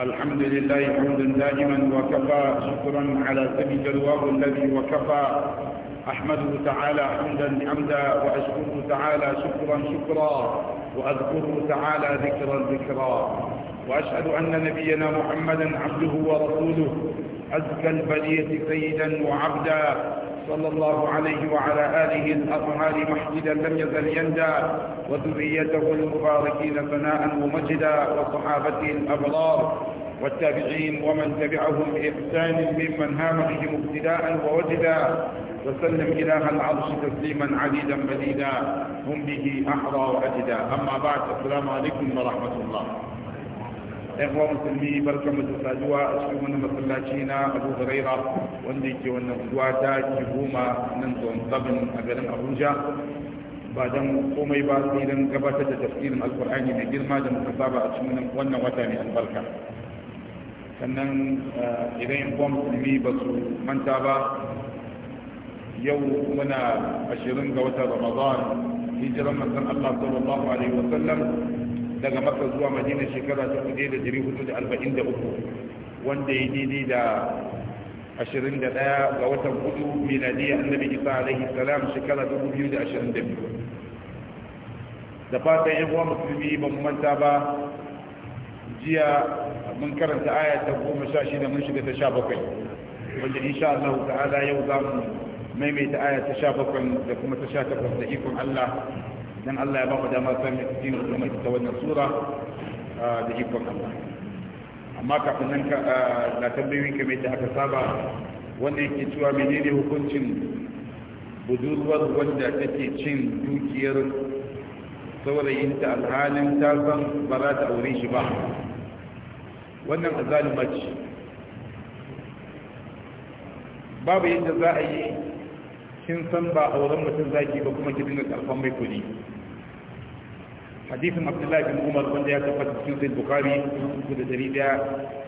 الحمد لله حمدا دائما وكفى شكرا على سبيل الواب الذي وكفى أحمده تعالى حمدا حمدا وأشكره تعالى شكرا شكرا وأذكره تعالى ذكرا ذكرا وأشهد أن نبينا محمدا عبده ورسوله أزكى البلية سيدا وعبدا صلى الله عليه وعلى آله الأطهار محمدا لم يزل يندى وذريته المباركين ثناء ومجدا وصحابته الأبرار والتابعين ومن تبعهم بإحسان ممن هام بهم ابتداء ووجدا وسلم إله العرش تسليما عديدا مديدا هم به أحرى وأجدا أما بعد السلام عليكم ورحمة الله ɗan uwa musulmi barkan mu da saduwa a cikin wani masallaci na Abu Huraira wanda yake wannan unguwa ta goma nan zon 7 a garin Abuja ba dan komai ba sai dan gabatar da tafsirin Alƙur'ani mai girma da muka saba a cikin wannan wata mai albarka sannan idan uwa musulmi ba su manta ba yau muna ashirin ga watan ramadan hijiran manzon Allah sallallahu alaihi wa sallam daga maka zuwa madina shekara ta kuje da jiri hudu da arba'in da uku wanda ya daidai da ashirin da daya ga watan hudu miladiyya annabi isa alaihi salam shekara ta biyu da ashirin da biyu da fatan yan uwa musulmi ba mu manta ba jiya mun karanta aya ta goma sha shida mun shiga ta sha bakwai wanda insha allahu ta'ala yau za mu maimaita aya ta sha bakwai da kuma ta sha takwas da ikon Allah Idan Allah ya ba mu dama san mu cikin wannan ta wannan sura ah, da ikon Allah amma kafin nan ka na ah, tambayoyin kamar da aka saba wanda yake cewa menene hukuncin budurwar wanda take cin dukiyar saurayinta alhalin ta san ba za ta aure shi ba wannan azalima ce babu yadda za a yi kin san ba auren mutum zaki ba kuma ki dinga karfan mai kuɗi hadisin abdullahi bin umar wanda ya tabbata cikin sai bukari dubu da dari daya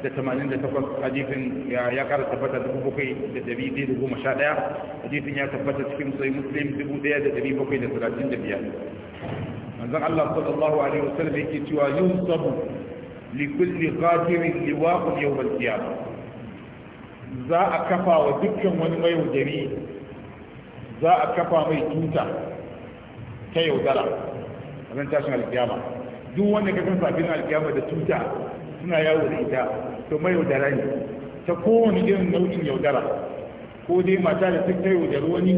da tamanin da takwas hadisin ya kara tabbata dubu bakwai da dari daya da goma daya hadisin ya tabbata cikin sai muslim dubu daya da dari bakwai da talatin da biyar manzon allah sallallahu alaihi wasallam yake cewa yun sabu li kulli qadirin liwaqun yawm al-qiyamah za a kafa wa dukkan wani mai wajeri za a kafa mai tuta ta yaudara ran tashin alkiyama duk wanda ka kan safin alkiyama da tuta suna yawo da ita to mai yaudara ne ta kowane irin nau'in yaudara ko dai mata da ta kai yaudar wani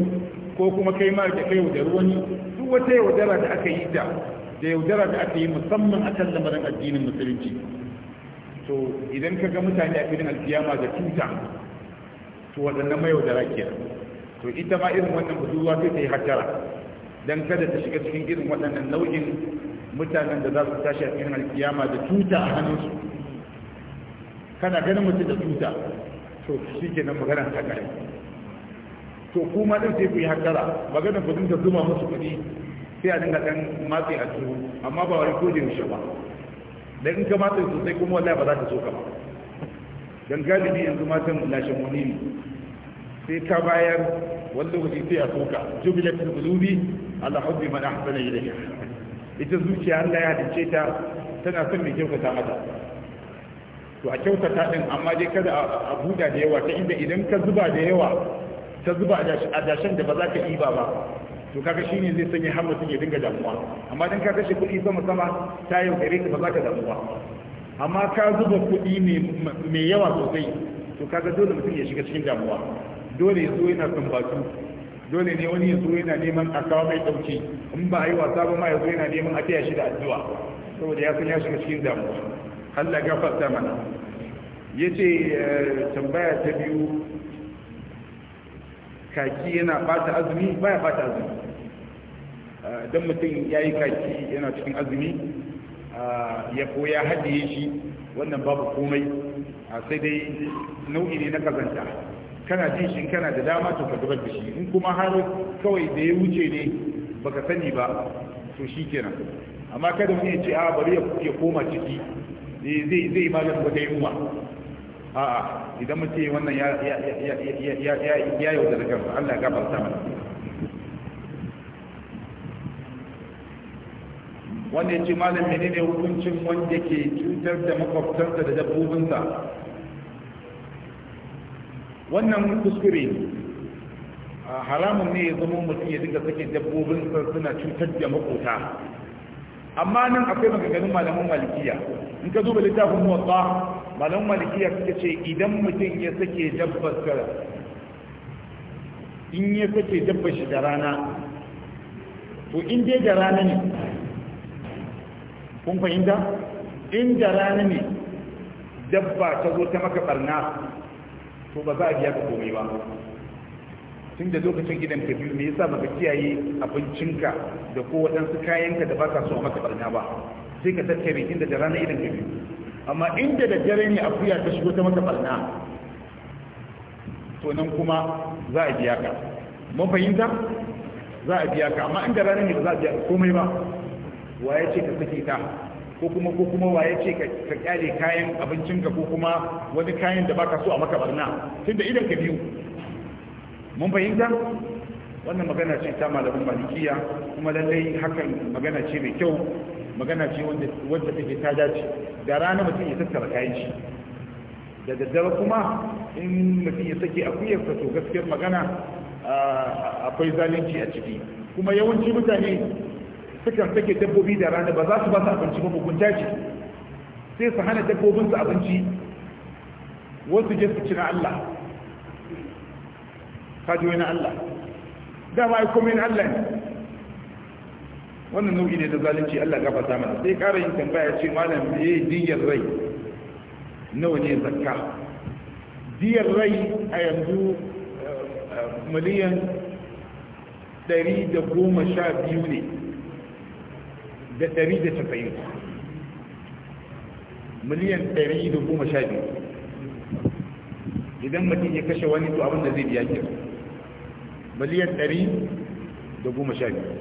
ko kuma kai ma da kai yaudar wani duk wata yaudara da aka yi ta da yaudara da aka yi musamman a kan lamarin addinin musulunci to idan ka ga mutane a filin alkiyama da tuta to waɗannan mai yaudara kenan to ita ma irin wannan budurwa sai ta yi hajjara don kada ta shiga cikin irin waɗannan nau'in mutanen da za su tashi a cikin alkiyama da tuta a hannunsu kana ganin mutum da tuta to shi ke nan maganar ta kare to kuma ɗin sai ku yi hankara maganar ku dinga zuma musu kuɗi sai a dinga ɗan matse a su amma ba wani ko da yaushe ba da in ka matse sosai kuma wallahi ba za ka so ka ba don galibi yanzu matan lashe muni sai ka bayar wani lokaci sai a soka jubilatul qulubi ala hubbi man ahsana ilayha ita zuciya Allah ya halice ta tana son mai kyautata mata to a kyautata din amma dai kada a buda da yawa ta inda idan ka zuba da yawa ta zuba a dashen da ba za ka iba ba to kaga shine zai sanya har mutum ya dinga damuwa amma dan ka kashe kuɗi sama sama ta yau gare ka ba za ka damuwa amma ka zuba kuɗi mai yawa sosai to kaga dole mutum ya shiga cikin damuwa dole ya zuwa yana sumbatu dole ne wani ya zuwa yana neman a kawo mai dauki in ba a yi wasa ba ma ya zuwa yana neman a taya shi da addu'a saboda ya san ya shiga cikin damuwa Allah ya gafarta mana ya ce eh, tambaya ta biyu kaki yana bata azumi baya bata azumi eh, don mutum ya yi kaki yana cikin azumi eh, ya koya hadiye shi wannan babu komai ah, sai dai nau'i ne na kazanta kana jin shi kana da dama to ka dubar da shi in kuma har kawai da ya wuce ne baka sani ba to shi kenan amma kada mu ya ce a ah, bari ya koma ciki eh, zai zai magana wata yunwa a'a idan mutum ce wannan ya ya ya ya ya ya yaudar kansa Allah ya gafarta mana wanda ya ce malam menene hukuncin wanda ke cutar da makwabtansa da dabbobinsa wannan kuskure haramun ne ya zama mutum ya dinga sake dabbobin suna cutar da makota amma nan akwai maganganun malamin malikiya in ka duba littafin motsa malamin malikiya suka ce idan mutum ya sake dabbar in ya sake dabbar shi da rana to in dai da rana ne kun fahimta in da rana ne dabba ta zo ta maka barna to ba za a biya ka komai ba tun da lokacin gidan ka biyu me yasa baka kiyaye abincinka da ko waɗansu kayanka da ba ka so a maka barna ba sai ka tattare inda da rana idan ka biyu amma inda da dare ne a akuya ta shigo ta maka barna to nan kuma za a biya ka mun fahimta za a biya ka amma inda ranar ne ba za a biya komai ba wa ya ce ka sake ta ko kuma ko kuma waye ce ka kyale kayan abincin ka ko kuma wani kayan da baka so a maka barna tunda idan ka biyu mun fahimta wannan magana ce ta malamin malikiya kuma lallai hakan magana ce mai kyau magana ce wanda take ta dace da rana mutum ya tattara kayan shi da daddare kuma in mutum ya sake akuyar ka to gaskiyar magana ah, akwai zalunci a ciki kuma yawanci mutane sukan sake dabbobi da rana ba za su ba su abinci ba mugunta ce sai su hana dabbobin su abinci wasu je su cina Allah kaji wani Allah dama ai komai Allah ne wannan nau'i ne da zalunci Allah gafarta mana sai ƙara yin tambaya ce malam me yayi diyar rai nawa ne zakka diyar rai a yanzu eh, eh, miliyan ɗari da goma sha biyu ne da ɗari da tafayin miliyan ɗari da goma sha biyu idan mutum ya kashe wani to abin da zai biya ke miliyan ɗari da goma sha biyu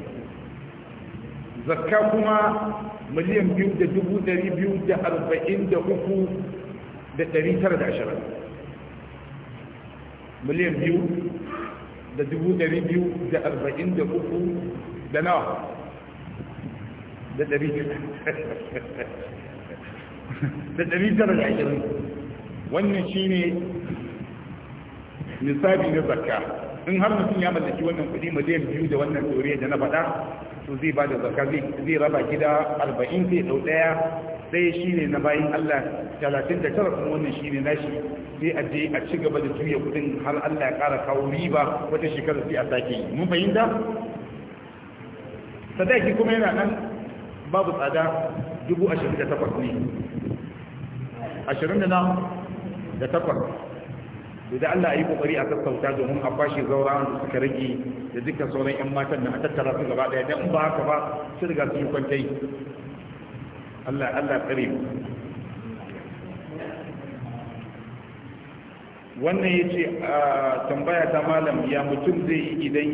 zakka kuma miliyan biyu da dubu ɗari biyu da arba'in da uku da ɗari tara da ashirin miliyan biyu da dubu ɗari biyu da arba'in da uku da nawa da ɗari da ɗari tara da ashirin wannan shi ne nisabi na zakka in har mutum ya mallaki wannan kuɗi miliyan biyu da wannan tsoriya da na faɗa to zai ba da zakka zai raba gida arba'in zai ɗau ɗaya Sai shi ne na bayan allah talatin da tara kuma wannan shi ne na shi. sai a je a ci gaba da juya kuɗin har allah ya ƙara kawo riba wata shekara sai a sake yi mun fahimta sadaki kuma yana nan babu tsada dubu ashirin da takwas ne ashirin da na da takwas da Allah a yi kokari a sassauta domin a kwashe zaura da suka rage da dukkan sauran 'yan matan da a tattara su gaba daya don ba haka ba su riga su yi kwantai Allah Allah tsare mu wannan ya ce a tambaya ta malam ya mutum zai yi idan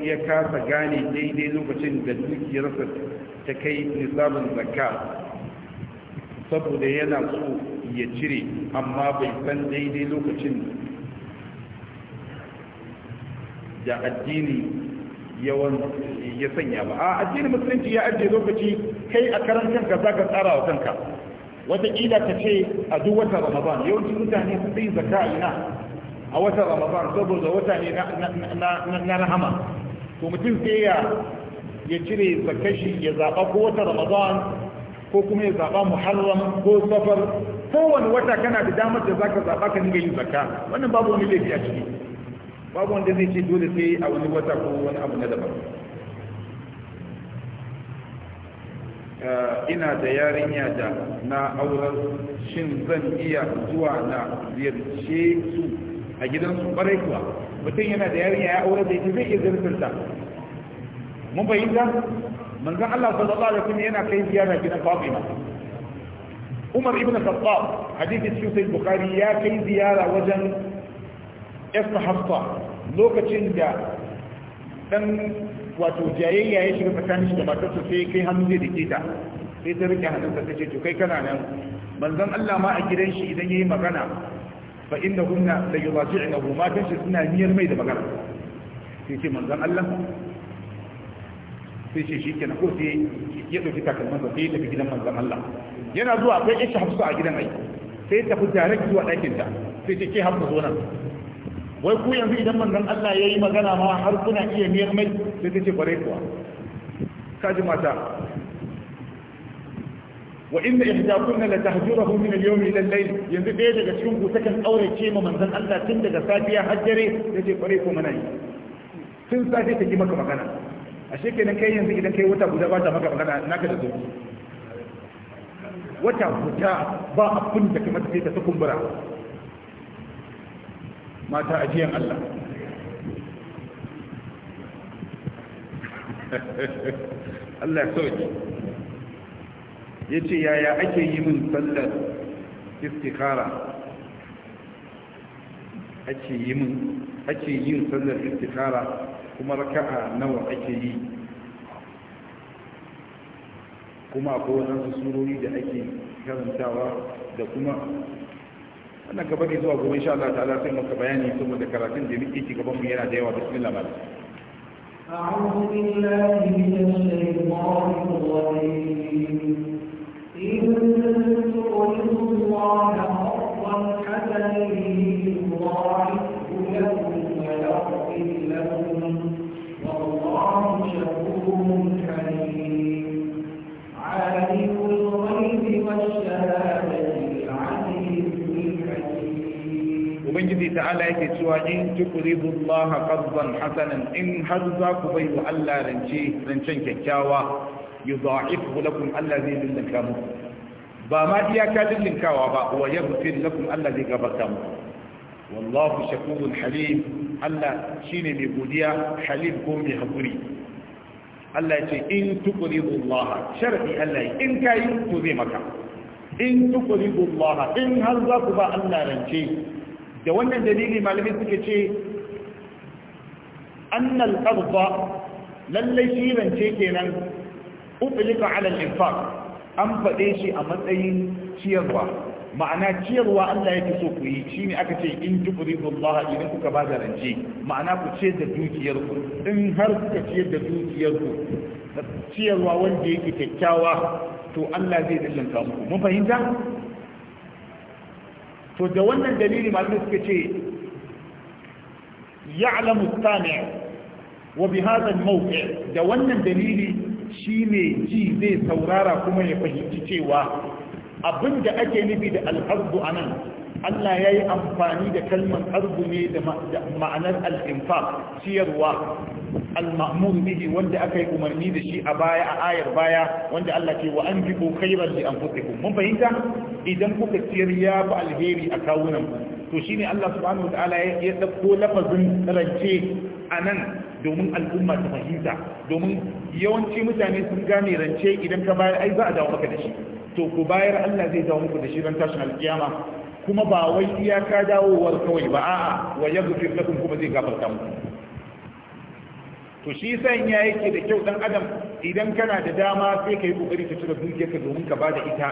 ya kasa gane daidai lokacin da dukiyarsa ta kai nisabin zakka saboda yana so ya cire amma bai san daidai lokacin da addini yawan ya sanya ba a addinin musulunci ya ajiye lokaci kai a karan kanka za ka tsara wa kanka wataƙila ka ce a duk wata ramadan yawancin mutane su yi zaka a ina a wata ramadan saboda wata ne na rahama to mutum sai ya ya cire zakashi ya zaɓa ko wata ramadan ko kuma ya zaɓa muharram ko safar kowane wata kana da damar da zaka zaɓa ka dinga yin zakka wannan babu wani laifi a ciki babu wanda zai ce dole sai a wani wata ko wani abu na daban ina da yarinya da na auren shin zan iya zuwa na ziyarce su a gidansu kwarai kuwa mutum yana da yarinya ya aure da ita zai iya zirfinta mun fahimta manzan Allah sallallahu alaihi wasallam yana kai ziyara gidan Fatima Umar ibn Khattab hadisi cikin Sahih Bukhari ya kai ziyara wajen Ibn Hafsa lokacin da dan wato jayayya ya shiga tsakanin shi da matarsa sai kai hannu zai dake ta sai ta rike hannunsa ta ce to kai kana nan manzon Allah ma a gidan shi idan yayi magana fa innahunna la yudaji'nahu matan shi suna niyyar mai da magana sai ce manzon Allah sai ce shikenan ko sai ya dauki takalmansa sai ya tafi gidan manzon Allah yana zuwa akwai Aisha Hafsa a gidan ai sai ta tafi tare zuwa ɗakin ta sai ce ke Hafsa zo nan wai ku yanzu idan man manzon Allah ya yi magana ma har kuna iya miyar mai sai ta ce kware kuwa kaji mata wa inna ihdakunna la tahjuruhu min al-yawm ila al-layl yanzu dai daga cikin ku takan aurace ma manzon Allah tun daga safiya har dare yace bare ko mana tun safe ta ki maka magana ashe kenan kai yanzu idan kai wata guda ba ta maka magana naka da zuci wata guda ba abin da kuma ta ta kumbura mata ajiyan Allah Allah sauki ya ce yaya ake yi min sallar istikara ake yi min ake yin sallar istikara kuma raka'a nawa ake yi kuma akwai wani surori da ake karantawa da kuma wannan gaba ne zuwa gobe insha Allah ta'ala sai muka bayani saboda karatun da muke ci gaban mu yana da yawa bismillah ba أعوذ بالله من الشيطان الرجيم إن تؤمنوا الله حقا حسنا ta'ala yake cewa in tuqridu Allah qardan hasanan in har za ku bai wa Allah rance rancen kyakkyawa yudha'ifu lakum Allah zai lullunka muku ba ma iya iyaka lullunkawa ba wa yaghfir lakum Allah zai gafarta muku wallahu shakurun halim Allah shine mai godiya halim ko mai hakuri Allah ya ce in tuqridu Allah sharadi Allah in kai to zai maka in tuqridu Allah in har za ku ba Allah rance da wannan dalili malamai suka ce annal arda lallai shi rance kenan ubilika ala al-infaq an faɗe shi a matsayin ciyarwa ma'ana ciyarwa Allah yake so ku yi shine aka ce in tuqridu Allah idan kuka ba da rance ma'ana ku ce da dukiyar ku in har kuka ce da dukiyar ku ciyarwa wanda yake kyakkyawa to Allah zai dillanka muku mun fahimta to da wannan dalili malamai suka ce ya'lamu sami' wa bi hadha da wannan dalili shine ji zai saurara kuma ya fahimci cewa Abin da ake nufi da al a anan Allah ya yi amfani da kalmar arzu ne da ma'anar al'infa ciyarwa al-ma'mur bihi wanda aka yi umarni da shi a baya a ayar baya wanda Allah ke wa an bibo an li anfusikum mun fahimta idan kuka ciyar ya ba alheri a kawunan to shi ne Allah subhanahu ta'ala ya dauko lafazin rance a nan domin al'umma ta fahimta domin yawanci mutane sun gane rance idan ka bayar ai za a dawo maka da shi to ku bayar Allah zai dawo muku da shi ran tashin alkiyama kuma ba wai iyaka dawowar kawai ba a'a wa yaghfir lakum kuma zai gafarta muku to shi san ya yake da kyau dan adam idan kana da dama sai kai kokari ka cire dukiyarka domin ka bada ita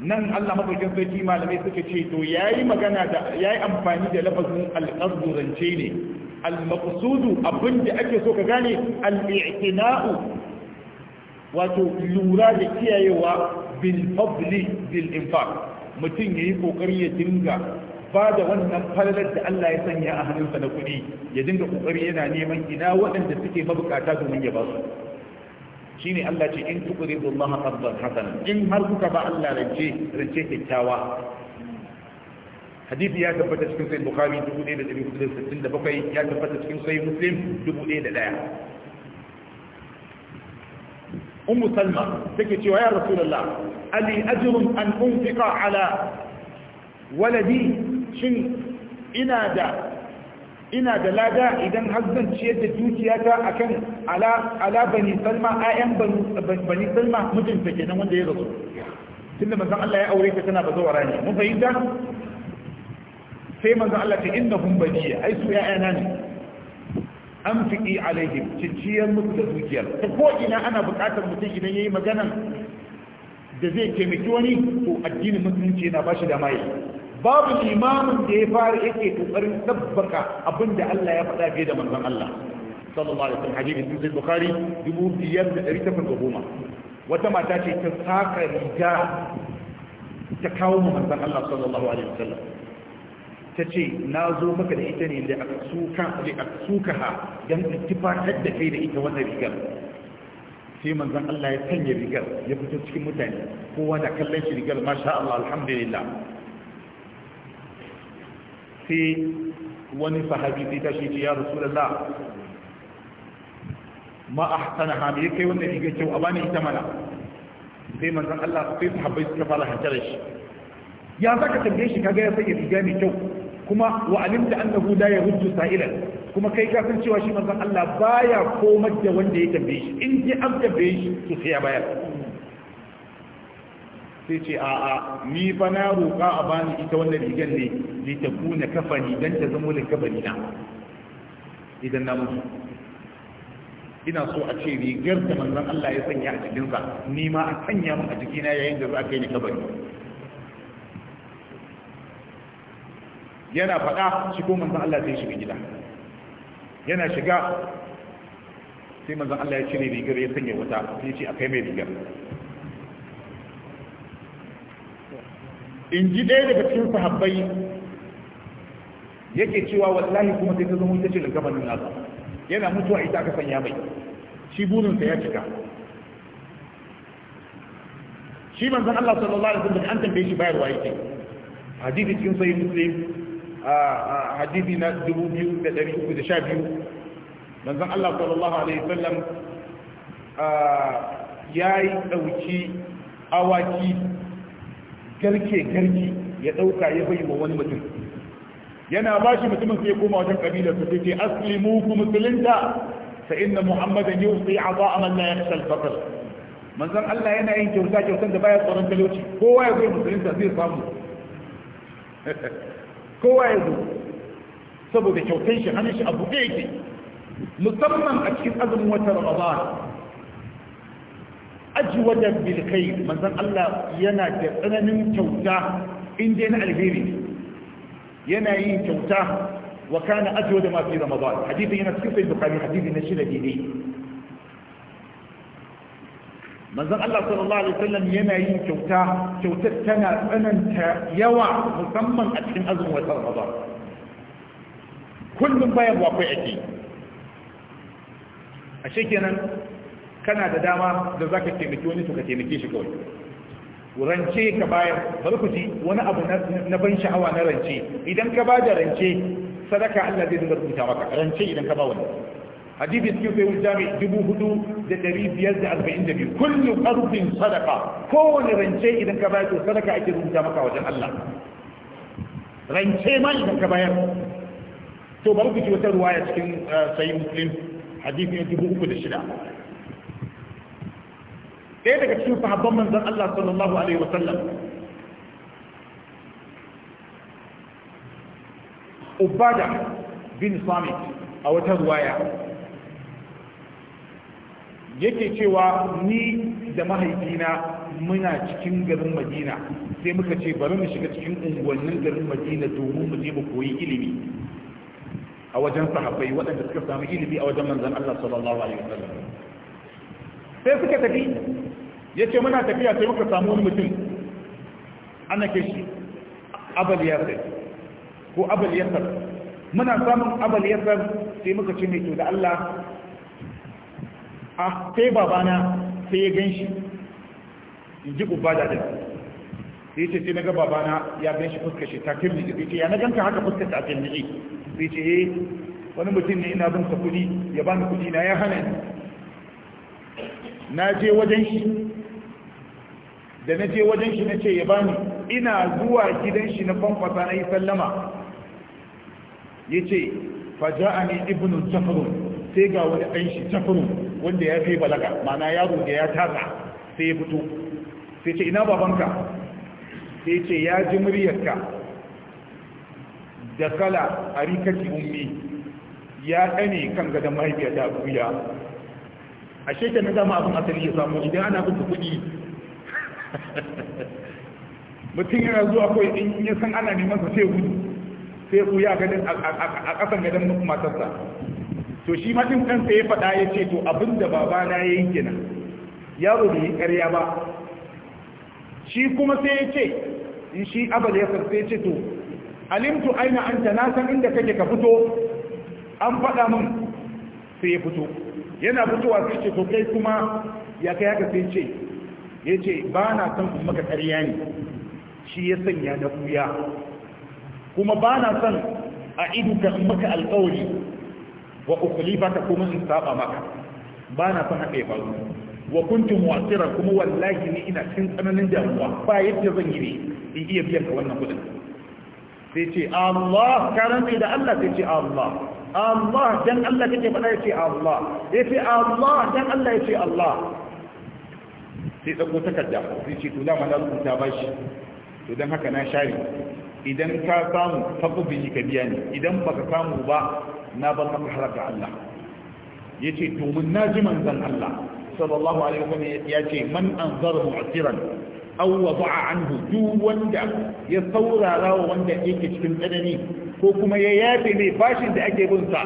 nan Allah madaukakin sarki malamai suka ce to yayi magana da yayi amfani da lafazin al-qasdu rance ne al-maqsudu abinda ake so ka gane al-i'tina'u wato lura da kiyayewa bil fadli bil infaq mutum ya yi ƙoƙari ya dinga ba da wannan falalar da Allah ya sanya a hannunsa na kuɗi ya dinga ƙoƙari yana neman ina waɗanda suke mabukata domin ya ba su shine Allah ce in tuqridu Allah qardan hasanan in har kuka ba Allah rance rance kyakkyawa hadisi ya tabbata cikin sahih bukhari 1467 ya tabbata cikin sahih muslim 1001 ummu salma take cewa ya rasulullah ali ajrun an unfiqa ala waladi shin ina da ina da lada idan har zan ciyar da dukiyata akan ala ala bani salma ayan bani salma mijinta nan wanda ya rasu tunda manzon Allah ya aure ta tana bazawara ne mun fahimta sai manzon Allah ta innahum baniya ai su na ne an fiƙi alaihim cinciyar musu da dukiyar ta ko ina ana buƙatar mutum idan ya yi magana da zai taimaki wani to addinin musulunci yana ba shi da maye babu limamin da ya fara yake ƙoƙarin tabbaka abin da Allah ya faɗa fiye da manzon Allah sallallahu alaihi wasallam hadisi sun sai bukhari dubu biyar da ɗari takwas da goma wata mata ce ta saka riga ta kawo mu manzon Allah sallallahu alaihi wasallam ta ce na zo maka da ita ne da a suka ha don tufatar da kai da ita wannan rigar sai manzan Allah ya sanya rigar ya fito cikin mutane kowa da kallon shi rigar masha Allah alhamdulillah sai wani sahabi sai ta shi ya rasulullah ma ahsana ha me kai wannan rigar kyau a bani ita mana sai manzan Allah sai sahabbai suka fara hantar shi ya zaka tambaye shi kaga ya sanya riga mai kyau kuma wa alimta annahu la yahuddu sa'ilan kuma kai ka san cewa shi manzon Allah baya komar da wanda ya tambaye shi in ji an tambaye shi to sai ya bayar sai ce a a ni fa na roƙa a bani ita wannan rigar ne li takuna kafani dan ta zama likabani na idan na mutu ina so a ce rigar da manzon Allah ya sanya a cikin sa ni ma a sanya min a jikina yayin da za ka yi kabari yana faɗa shi ko manzon Allah sai shiga gida yana shiga sai manzon Allah ya cire rigar ya sanya wata sai ce a kai mai rigar in ji ɗaya daga cikin sahabbai yake cewa wallahi kuma sai ta zama ita ce gabanin nasa yana mutuwa ita aka sanya mai shi burinsa ya cika shi manzon Allah sallallahu alaihi wasallam an tambaye shi bayarwa yake hadisi cikin sahih muslim hadisi na 2312 manzon Allah sallallahu alaihi sallam ya yi ɗauki awaki garke garke ya ɗauka ya bai wa wani mutum yana ba shi mutumin sai koma wajen kabilar su sai ce aslimu ku musulunta fa inna sai yusi ata man la yakhsha al-faqr manzon Allah yana yin kyauta kyautan da baya tsoron talauci kowa ya zo musulunta zai samu kowa ya zo saboda kyautai shi hannun shi abu buɗe yake musamman a cikin azumin watan ramadan ajwada bil kai manzon Allah yana da tsananin kyauta in na alheri yana yin kyauta wa kana ajwada ma fi ramadan hadisi yana cikin sahih bukhari hadisi na da daidai manzon Allah sallallahu alaihi wasallam yana yin kyauta kyautar tana tsananta yawa musamman a cikin azumin watan Ramadan kullum bayan akwai ake ashe kenan kana da dama da zaka taimaki wani to ka taimake shi kawai rance ka bayar bari ku wani abu na ban sha'awa na rance idan ka ba da rance sadaka Allah zai dinga rubuta maka rance idan ka ba wani حديث كيف يجامع جبو هدو جتري بيزع في نبي كل قرب صدقة كون رنشي إذا كبايته صدقة أجل مجامك وجل الله رنشي ما إذا كبايته تو بروك جوة رواية كن آه، سيد مسلم حديث يجبو جبو هدو الشلاء إذا كتشوف حبا منظر الله صلى الله عليه وسلم أبادة بن صامت أو تهد yake cewa ni da mahaifina muna cikin garin madina sai muka ce bari mu shiga cikin unguwannin garin madina domin mu je mu koyi ilimi a wajen sahabbai waɗanda suka samu ilimi a wajen manzan Allah sallallahu alaihi wasallam sai suka tafi yace muna tafiya sai muka samu wani mutum ana ke shi abal yasir ko abal yasir muna samun abal yasir sai muka ce mai to da Allah a sai babana sai ya gan shi in ji uba da dai sai ce sai na ga babana ya gan shi fuskar shi ta kirni sai ce ya na ganka haka fuskar ta kirni sai ce eh wani mutum ne ina bin sa kuɗi ya bani kuɗi na ya hana ni na je wajen shi da na je wajen shi na ce ya bani ina zuwa gidan shi na kwankwasa na yi sallama ya ce faja'ani ibnu jafarun sai ga wani ɗan shi tafiru wanda ya fi balaga mana yaro da ya tasa sai ya fito sai ce ina babanka sai ce ya ji muryarka da kala a rikaki ummi ya ɗane kan gadon mahaifiyar da guya a shekar na dama abin asali ya samu idan ana bin kuɗi mutum yana zuwa kawai in ya san ana neman sa sai gudu sai ku ya ganin a ƙasan gadon matarsa to shi matin kansa ya faɗa ya ce to abin da babana ya yi yaro bai yi ƙarya ba shi kuma sai ya ce in shi abal ya sarsa ya ce to alimtu aina anta na san inda kake ka fito an faɗa min sai ya fito yana fitowa sai ce to kai kuma ya kai haka sai ce ya ce ba na san kuma maka ƙarya ne shi ya sanya na kuya kuma ba na san a idu ka maka alƙawari wa ukhlifaka kuma in saba maka ba na son haka ya wa kuntu mu'assira kuma wallahi ni ina cikin tsananin damuwa ba yadda zan yi ne in iya biyan ka wannan kudin sai ce Allah karanta da Allah sai ce Allah Allah dan Allah kake faɗa ya ce Allah ya ce Allah dan Allah ya ce Allah sai tsako takarda sai ce to dama na rubuta bashi to dan haka na share idan ka samu tabbabin shi ka biya ni idan baka samu ba na bar maka harar da Allah ya ce domin na ji manzan Allah sallallahu alaihi wasallam ya ce man an zara an aw a anhu duk wanda ya saurara wa wanda yake cikin tsanani ko kuma ya yafe mai bashin da ake bin sa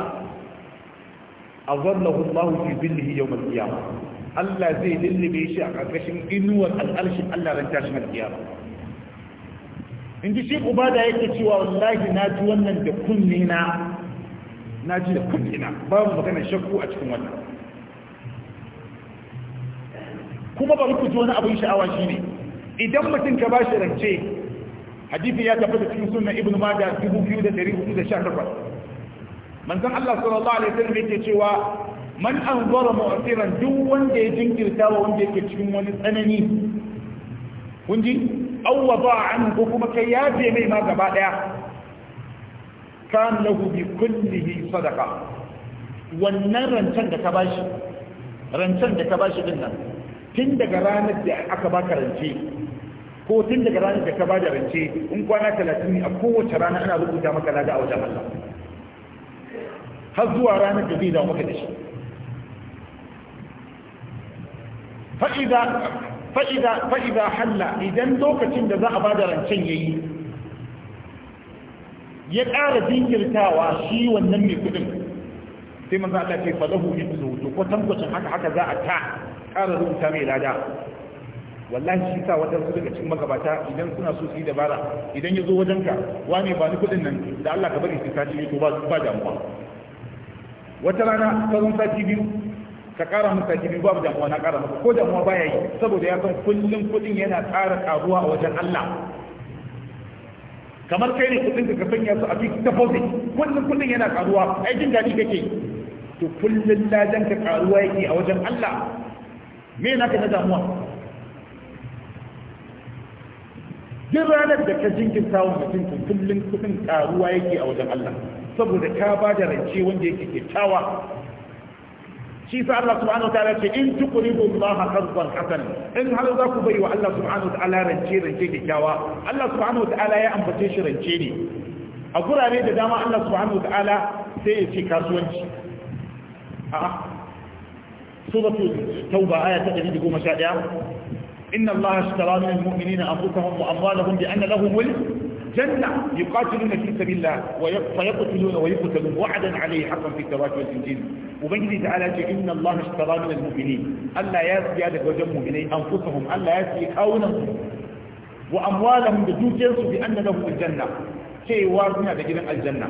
azallahu Allah fi zillihi yau al Allah zai lullube shi a ƙarƙashin inuwar al'arshin Allah ran tashi al in ji shi ubada yake cewa wallahi na ji wannan da kunne na na ji da kunne na babu magana shakku a cikin wannan kuma ba ku ji wani abin sha'awa shine idan mutum ka bashi rance hadithi ya tabbata cikin sunan ibnu majah 2418 manzon Allah sallallahu alaihi wasallam yake cewa man anzara mu'tiran duk wanda ya jinkirta wa wanda yake cikin wani tsanani kun ji aw ba anhu ko kuma kai ya yafe mai ma gaba daya kan lahu bi kullihi sadaqa wannan rancen da ka bashi rancen da ka bashi din nan tun daga ranar da aka baka rance ko tun daga ranar da ka bada rance in kwana 30 ne a kowace rana ana rubuta maka lada a wajen Allah har zuwa ranar da zai dawo maka da shi fa'ida fa'ida fa'ida halla idan lokacin da za a bada rancen ya yi ya ƙara jinkirtawa shi wannan mai kudin sai manzo Allah ce fa lahu mithlu to ko tankwacin haka haka za a ta ƙara rubuta mai lada wallahi shi sa wadansu daga cikin magabata idan suna so su yi dabara idan ya zo wajenka wani ba ni kudin nan da Allah ka bari su ta ce to ba damuwa wata rana sauran sati biyu ka kara masa jibi babu damuwa na kara masa ko damuwa baya yi saboda ya san kullum kudin yana ƙara karuwa a wajen Allah kamar kai ne kudin ka sanya su a fixed deposit kullum kudin yana karuwa ai jin dadi kake to kullum ladan ka karuwa yake a wajen Allah me na ka damuwa duk ranar da ka jinkin wa mutum to kullum kudin karuwa yake a wajen Allah saboda ka ba da rance wanda yake kyakkyawa shi sa Allah subhanahu wataala ce in tuqridu Allah qardan hasan in har za ku bai wa Allah subhanahu wataala rance rance kikkiawa Allah subhanahu wataala ya ambace shi rance ne a gurare da dama Allah subhanahu wataala sai ya ce kasuwanci a'a suratul tauba aya ta 111 inna Allah ashtara min al-mu'minina anfusahum wa amwalahum bi anna lahum mulk الجنة يقاتلون في سبيل الله فيقتلون ويقتلون وعدا عليه حقا في التوراة والإنجيل وبنجد تعالى إن الله اشترى من المؤمنين ألا يأتي هذا وجمه إليه أنفسهم ألا يأتي كونهم وأموالهم بدوجنس بأن لهم الجنة شيء وارثنا بجنة الجنة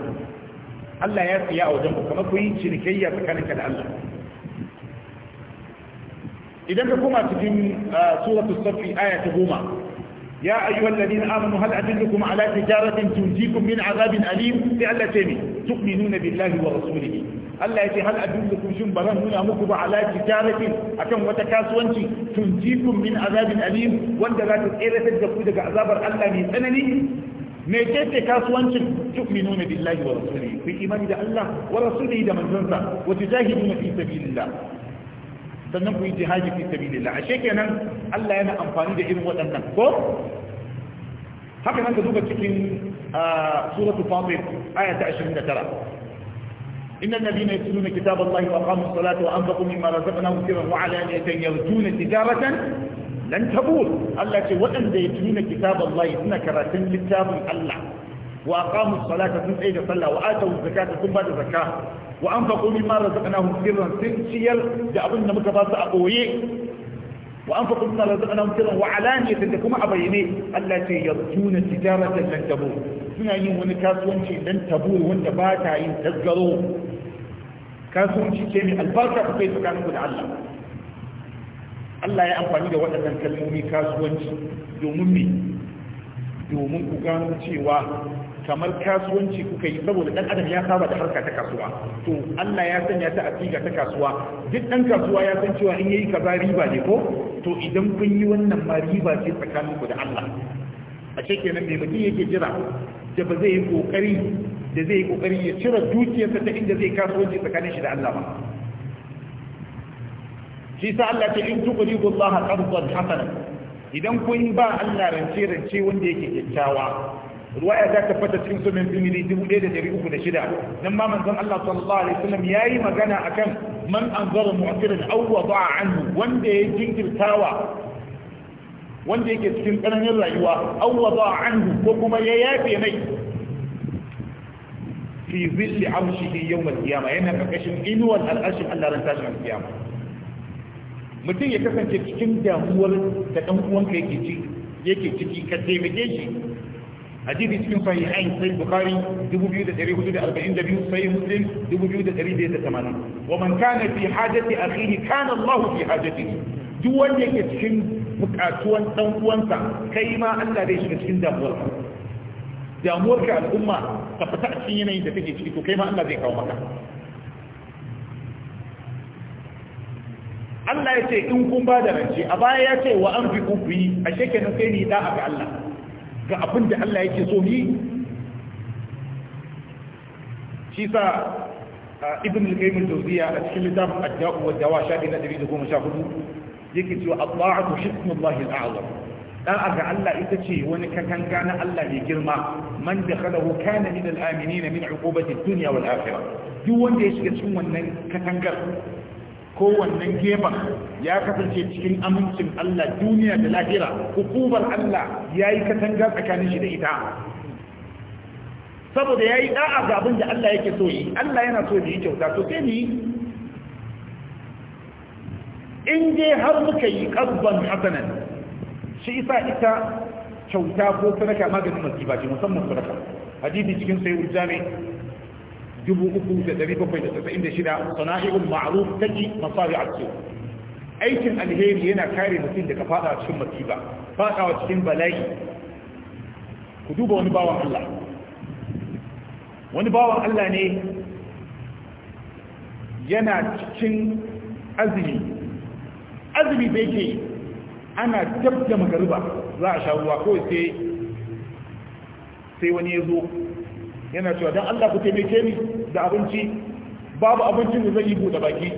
ألا يأتي يا وجمه كما كوين شركية فكانك لألا إذا كما تجين سورة الصف آية 10 يا أيها الذين آمنوا هل أدلكم على تجارة تنجيكم من عذاب أليم فعلا تيمي تؤمنون بالله ورسوله الله يتي هل أدلكم شنبران هنا مكب على تجارة أكم وتكاسوانتي تنجيكم من عذاب أليم وانت لا تتئرى تجدك عذاب الله من أنني me ce ce kasuwancin tu'minuna billahi wa rasulihi fi imani da Allah wa rasulihi da manzonsa wa tujahiduna fi sabilillah sannan ku yi jihaji fi sabilillah ashe kenan Allah yana amfani da irin waɗannan ko haka nan ka duba cikin suratu Fatir ayat 29 inna nabiyina a kitaballahi wa aqamu as-salata wa anfaqu mimma razaqnahum sirran wa alaniyatan yarjuna tijaratan lan tabur Allah ce waɗanda yatluna kitaballahi suna karatun littafin Allah wa aqamu salata sun tsaye da sallah wa atu zakata sun bada zakka wa anfaqu mimma razaqnahum sirran sun ciyar da abin da muka ba su a boye wa anfaqu mimma razaqnahum sirran wa alaniyatan da kuma a bayyane Allah ce yarjuna tijaratan lan tabu suna yin wani kasuwanci dan tabu wanda ba ta yin tasgaro kasuwanci ce mai albarka ku kai tsakaninku da Allah Allah ya amfani da waɗannan kalmomi kasuwanci domin me domin ku gano cewa kamar kasuwanci kuka yi saboda dan adam ya saba da harka ta kasuwa to Allah ya sanya ta asiga ta kasuwa duk dan kasuwa ya san cewa in yayi kaza riba ne ko to idan kun yi wannan ma riba ce tsakaninku da Allah a kenan me mutum yake jira da ba zai yi kokari da zai yi kokari ya cire dukiyarsa ta inda zai kasuwanci tsakanin shi da Allah ba shi sa Allah ta in tuqridu Allah qardan hasanan idan kun ba Allah rance rance wanda yake kyakkyawa ruwaya ta tabbata cikin sunan da shida nan ma manzon Allah sallallahu alaihi wasallam yi magana akan man anzara mu'tiran aw wada'a anhu wanda ya jinkirtawa wanda yake cikin tsananin rayuwa aw wada'a anhu ko kuma ya yafe mai fi zilli arshihi yawm al-qiyamah yana karkashin inuwar al-arshi Allah ran tashin al-qiyamah mutum ya kasance cikin damuwar da ɗan uwanka yake ciki yake ciki ka taimake shi hadisi cikin sahihain sai bukhari 2442 sai muslim 2580 wa man kana fi hajati akhihi kana Allah fi hajatihi duk wanda yake cikin bukatuwan dan uwansa kai ma Allah zai shiga cikin damuwarka damuwarka al'umma ka fita a cikin yanayin da take ciki to kai ma Allah zai kawo maka Allah ya ce in kun ba da rance a baya ya ce wa an fi kuku yi a shekenan sai ni da aka Allah ga abin da Allah yake so yi shi sa ibn al-qayyim al-jawziya a cikin littafin ad-da'u wa dawa shafi na 114 yake cewa at-ta'atu hisnullahi al-a'zam da'a ga Allah ita ce wani katanga na Allah mai girma man dakhalahu kana min al-aminin min 'uqubati ad-dunya wal-akhirah duk wanda ya shiga cikin wannan katangar kowannen gefen ya kasance cikin amincin Allah duniya da lahira hukumar Allah ya yi katanga tsakanin shi da ita saboda ya yi ɗa'a ga abin da Allah yake so yi Allah yana so da yi kyauta to sai ni in dai har muka yi ƙasban hasanan shi isa ita kyauta ko sadaka maganin masu ce musamman sadaka hadisi cikin sayi jami'a dubu uku da ɗari bakwai da tasa'in da shida sana'irun ma'aruf ta ji masari a cikin aikin alheri yana kare mutum daga fada cikin masiba fadawa cikin bala'i ku duba wani bawan Allah wani bawan Allah ne yana cikin azumi azumi da yake ana dab magariba za a sha ruwa kawai sai wani ya zo yana cewa don Allah ku taimake ni da abinci babu abincin da zai yi buɗe baki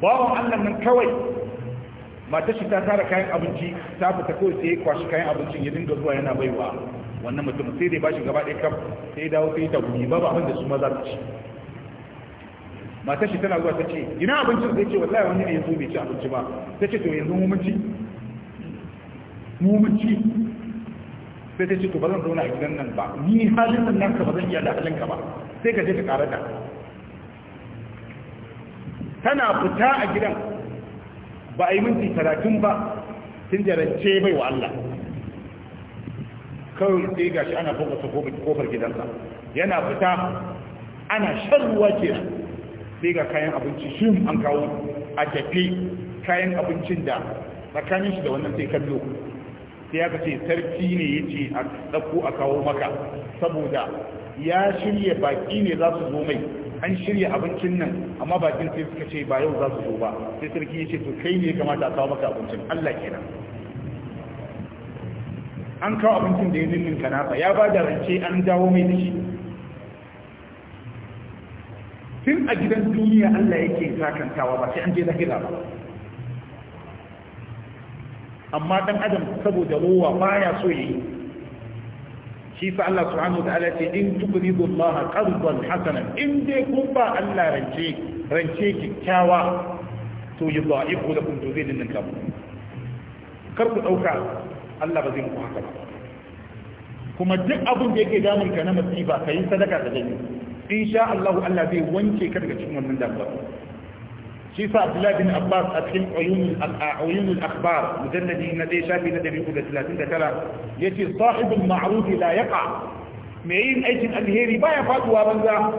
babu Allah nan kawai mata shi ta tara kayan abinci ta fita kawai sai kwashi kayan abincin ya dinga zuwa yana baiwa wannan mutum sai dai bashi gaba ɗaya kaf sai dawo sai ta gumi babu abin da su maza ta ci mata shi tana zuwa ta ce ina abincin zai ce wallahi wani ne yanzu bai ci abinci ba ta ce to yanzu mu mun ci mu ci sai ta ce to ba zan zauna a gidan nan ba ni halin nan naka ba zan iya da halinka ba sai ka je ka karata tana fita a gidan ba a yi minti talatin ba sun jarance bai wa Allah kawai sai ga shi ana fokasa kofar gidansa yana fita ana shan ruwa ke sai ga kayan abinci shi an kawo a tafi kayan abincin da tsakanin shi da wannan sai kallo sai aka ce sarki ne ya ce a ɗauko a kawo maka saboda ya shirya baƙi ne za su zo mai an shirya abincin nan amma baƙin sai suka ce ba yau za su zo ba sai sarki ya ce to kai ne kamata a kawo maka abincin Allah kenan an kawo abincin da ya ninnin kanasa ya ba da rance an dawo mai da shi tun a gidan duniya Allah yake sakantawa ba sai an je lahira ba amma dan adam saboda rowa baya so yayi shi fa Allah subhanahu wataala ce in tuqridu Allah qardan hasanan in dai kun ba Allah rance rance kikkiawa to yudha'ifu lakum to zai dinnan kamu kar ku dauka Allah ba zai muku haka ba kuma duk abin da yake damun ka na masifa kayi sadaka da gani insha Allah Allah zai wanke ka daga cikin wannan damuwa shi sa Abdullah bin Abbas a cikin ayyunul akhbar mujalladi na dai shafi na 339 ce sahibul ma'ruf la yaqa me yin aikin alheri ba baya faduwa banza ba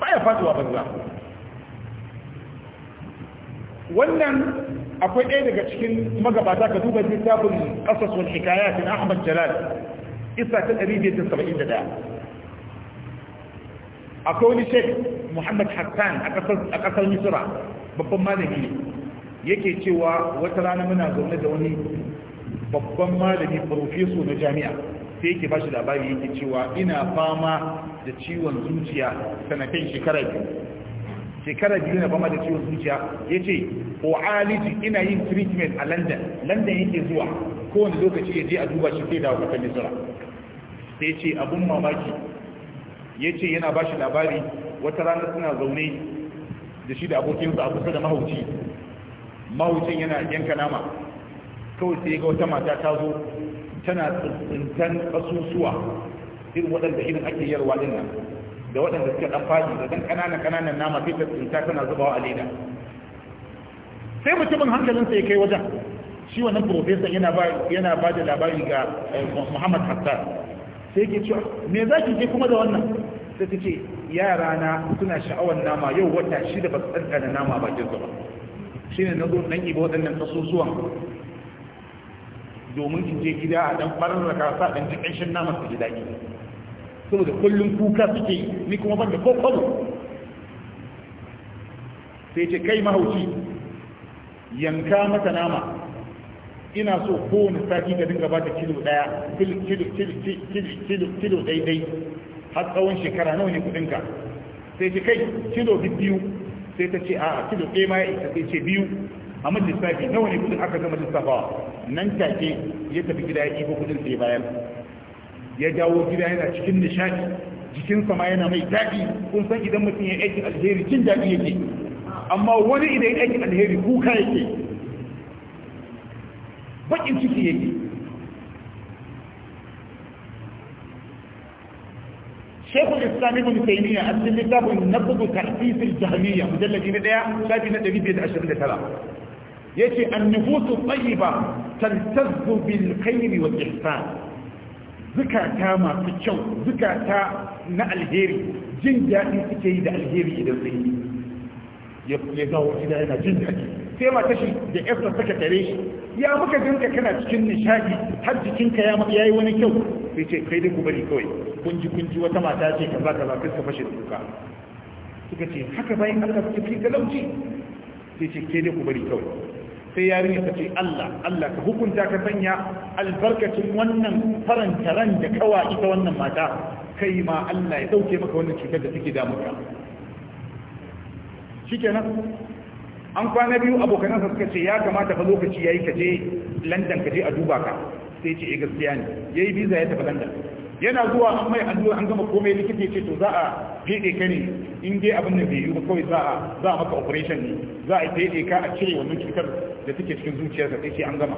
baya faduwa banza wannan akwai ɗaya daga cikin magabata ka duba littafin qasas wal hikayat Ahmad Jalal isa ta 171 akwai wani shek muhammad hassan a kasar misira babban malami ne yake cewa wata rana muna zaune da wani babban malami farofeso na jami'a sai yake ba shi labari yake cewa ina fama da ciwon zuciya sanatai shekara biyu shekara biyu na fama da ciwon zuciya ya ce aliji ina yin treatment a london london yake zuwa kowane lokaci ya je a duba shi sai da wata misira sai ce abun mamaki ya ce yana ba shi labari wata rana suna zaune da shi da abokinsa a kusa da mahauci mahaucin yana yanka nama kawai sai ga wata mata ta zo tana tsintan ƙasusuwa irin waɗanda irin ake yarwa din nan da waɗanda suka ɗan faɗi da ɗan ƙananan ƙananan nama sai ta tsinta tana zubawa a leda sai mutumin hankalinsa ya kai wajen shi wannan profesa yana ba da labari ga eh, muhammad hassan sai ke cewa me za ki je kuma da wannan sai ta ce yara na suna sha'awar nama yau wata shida ba su da nama ba jinsu zuwa. shi ne na zo nan ibo waɗannan ƙasusuwan domin in je gida a ɗan da kasa ɗan jikin nama su ji daɗi saboda kullum kuka suke ni kuma ban da ko sai ce kai mahauci yanka mata nama ina so kowane sati ka dinga ba ta kilo daya kilo kilo kilo kilo kilo, kilo, daidai har tsawon shekara nawa ne kudinka sai ce kai kilo biyu sai ta ce a kilo ɗaya ma ya isa sai ce biyu a lissafi nawa ne kudin aka gama lissafawa nan take ya tafi gida ya ɗiba kudin sai bayan ya dawo gida yana cikin nishaɗi jikinsa ma yana mai daɗi kun san idan mutum ya aikin alheri jin daɗi yake amma wani idan ya aikin alheri kuka yake bakin ciki yake shekul islam ibn taymiya a cikin littafin nabdu tahfizul jahmiya mujalladi na daya shafi na 129 yace an-nufusu tayyiba taltazzu bil khayri wal ihsan zukata masu kyau zukata na alheri jin daɗi suke yi da alheri idan sun yi ya dawo gida yana jin daɗi sai mata shi da efta suka tare shi ya muka jinka kana cikin nishadi har jikinka ya yi wani kyau sai ce kai dai ku bari kawai kun ji wata mata ce kaza kaza kai suka fashe duka suka ce haka bayan Allah kuke fi galauci sai ce kai dai ku bari kawai sai yarinya ta ce Allah Allah ka hukunta ka sanya albarkacin wannan faranta ran da kawa ita wannan mata kai ma Allah ya dauke maka wannan cutar da take damuka shikenan an kwana biyu abokanansa suka ce ya kamata fa lokaci yayi ka je London ka je a duba ka sai ce eh gaskiya ne yayi visa ya tafi London yana zuwa an mai addu'a an gama komai likita ce to za a fede ka ne in dai abin da bai yi ba kawai za a za a maka operation ne za a fede ka a cire wannan cutar da take cikin zuciyarsa sai ce an gama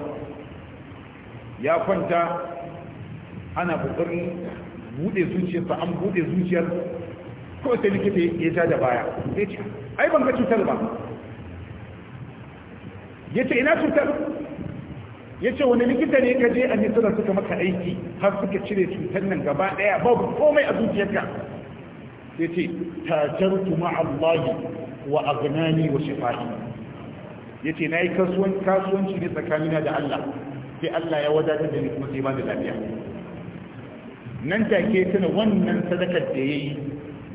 ya kwanta ana kokarin bude zuciyarsa an bude zuciyar kawai sai likita ya ja da baya sai ce ai ban ga cutar ba ya ce ina cutar ya ce wani likita ne ka je a nisira suka maka aiki har suka cire cutar nan gaba daya Ba komai a zuciyarka ya ce ta tajartu ma'allahi wa agnani wa shifahi ya ce na yi kasuwanci ne tsakanina da Allah sai Allah ya wadatar da ni kuma sai ba da lafiya nan ta ke tuna wannan sadakar da ya yi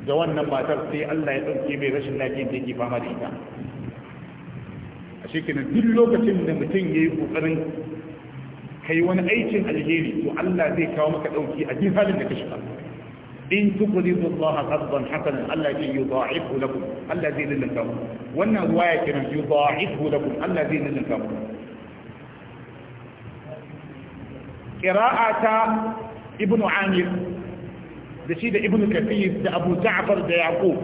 da wannan matar sai Allah ya ɗauke mai rashin lafiya da yake fama da ita shi kenan duk lokacin da mutum ya yi ƙoƙarin ka yi wani aikin alheri to Allah zai kawo maka ɗauki a duk halin da ka shiga in tuqridu Allah qardan hasanan Allah zai yudha'ifu lakum Allah zai lullunta ku wannan ruwaya kenan yudha'ifu lakum Allah zai lullunta ku qira'ata ibnu amir da shi da ibnu kathir da abu ja'far da yaqub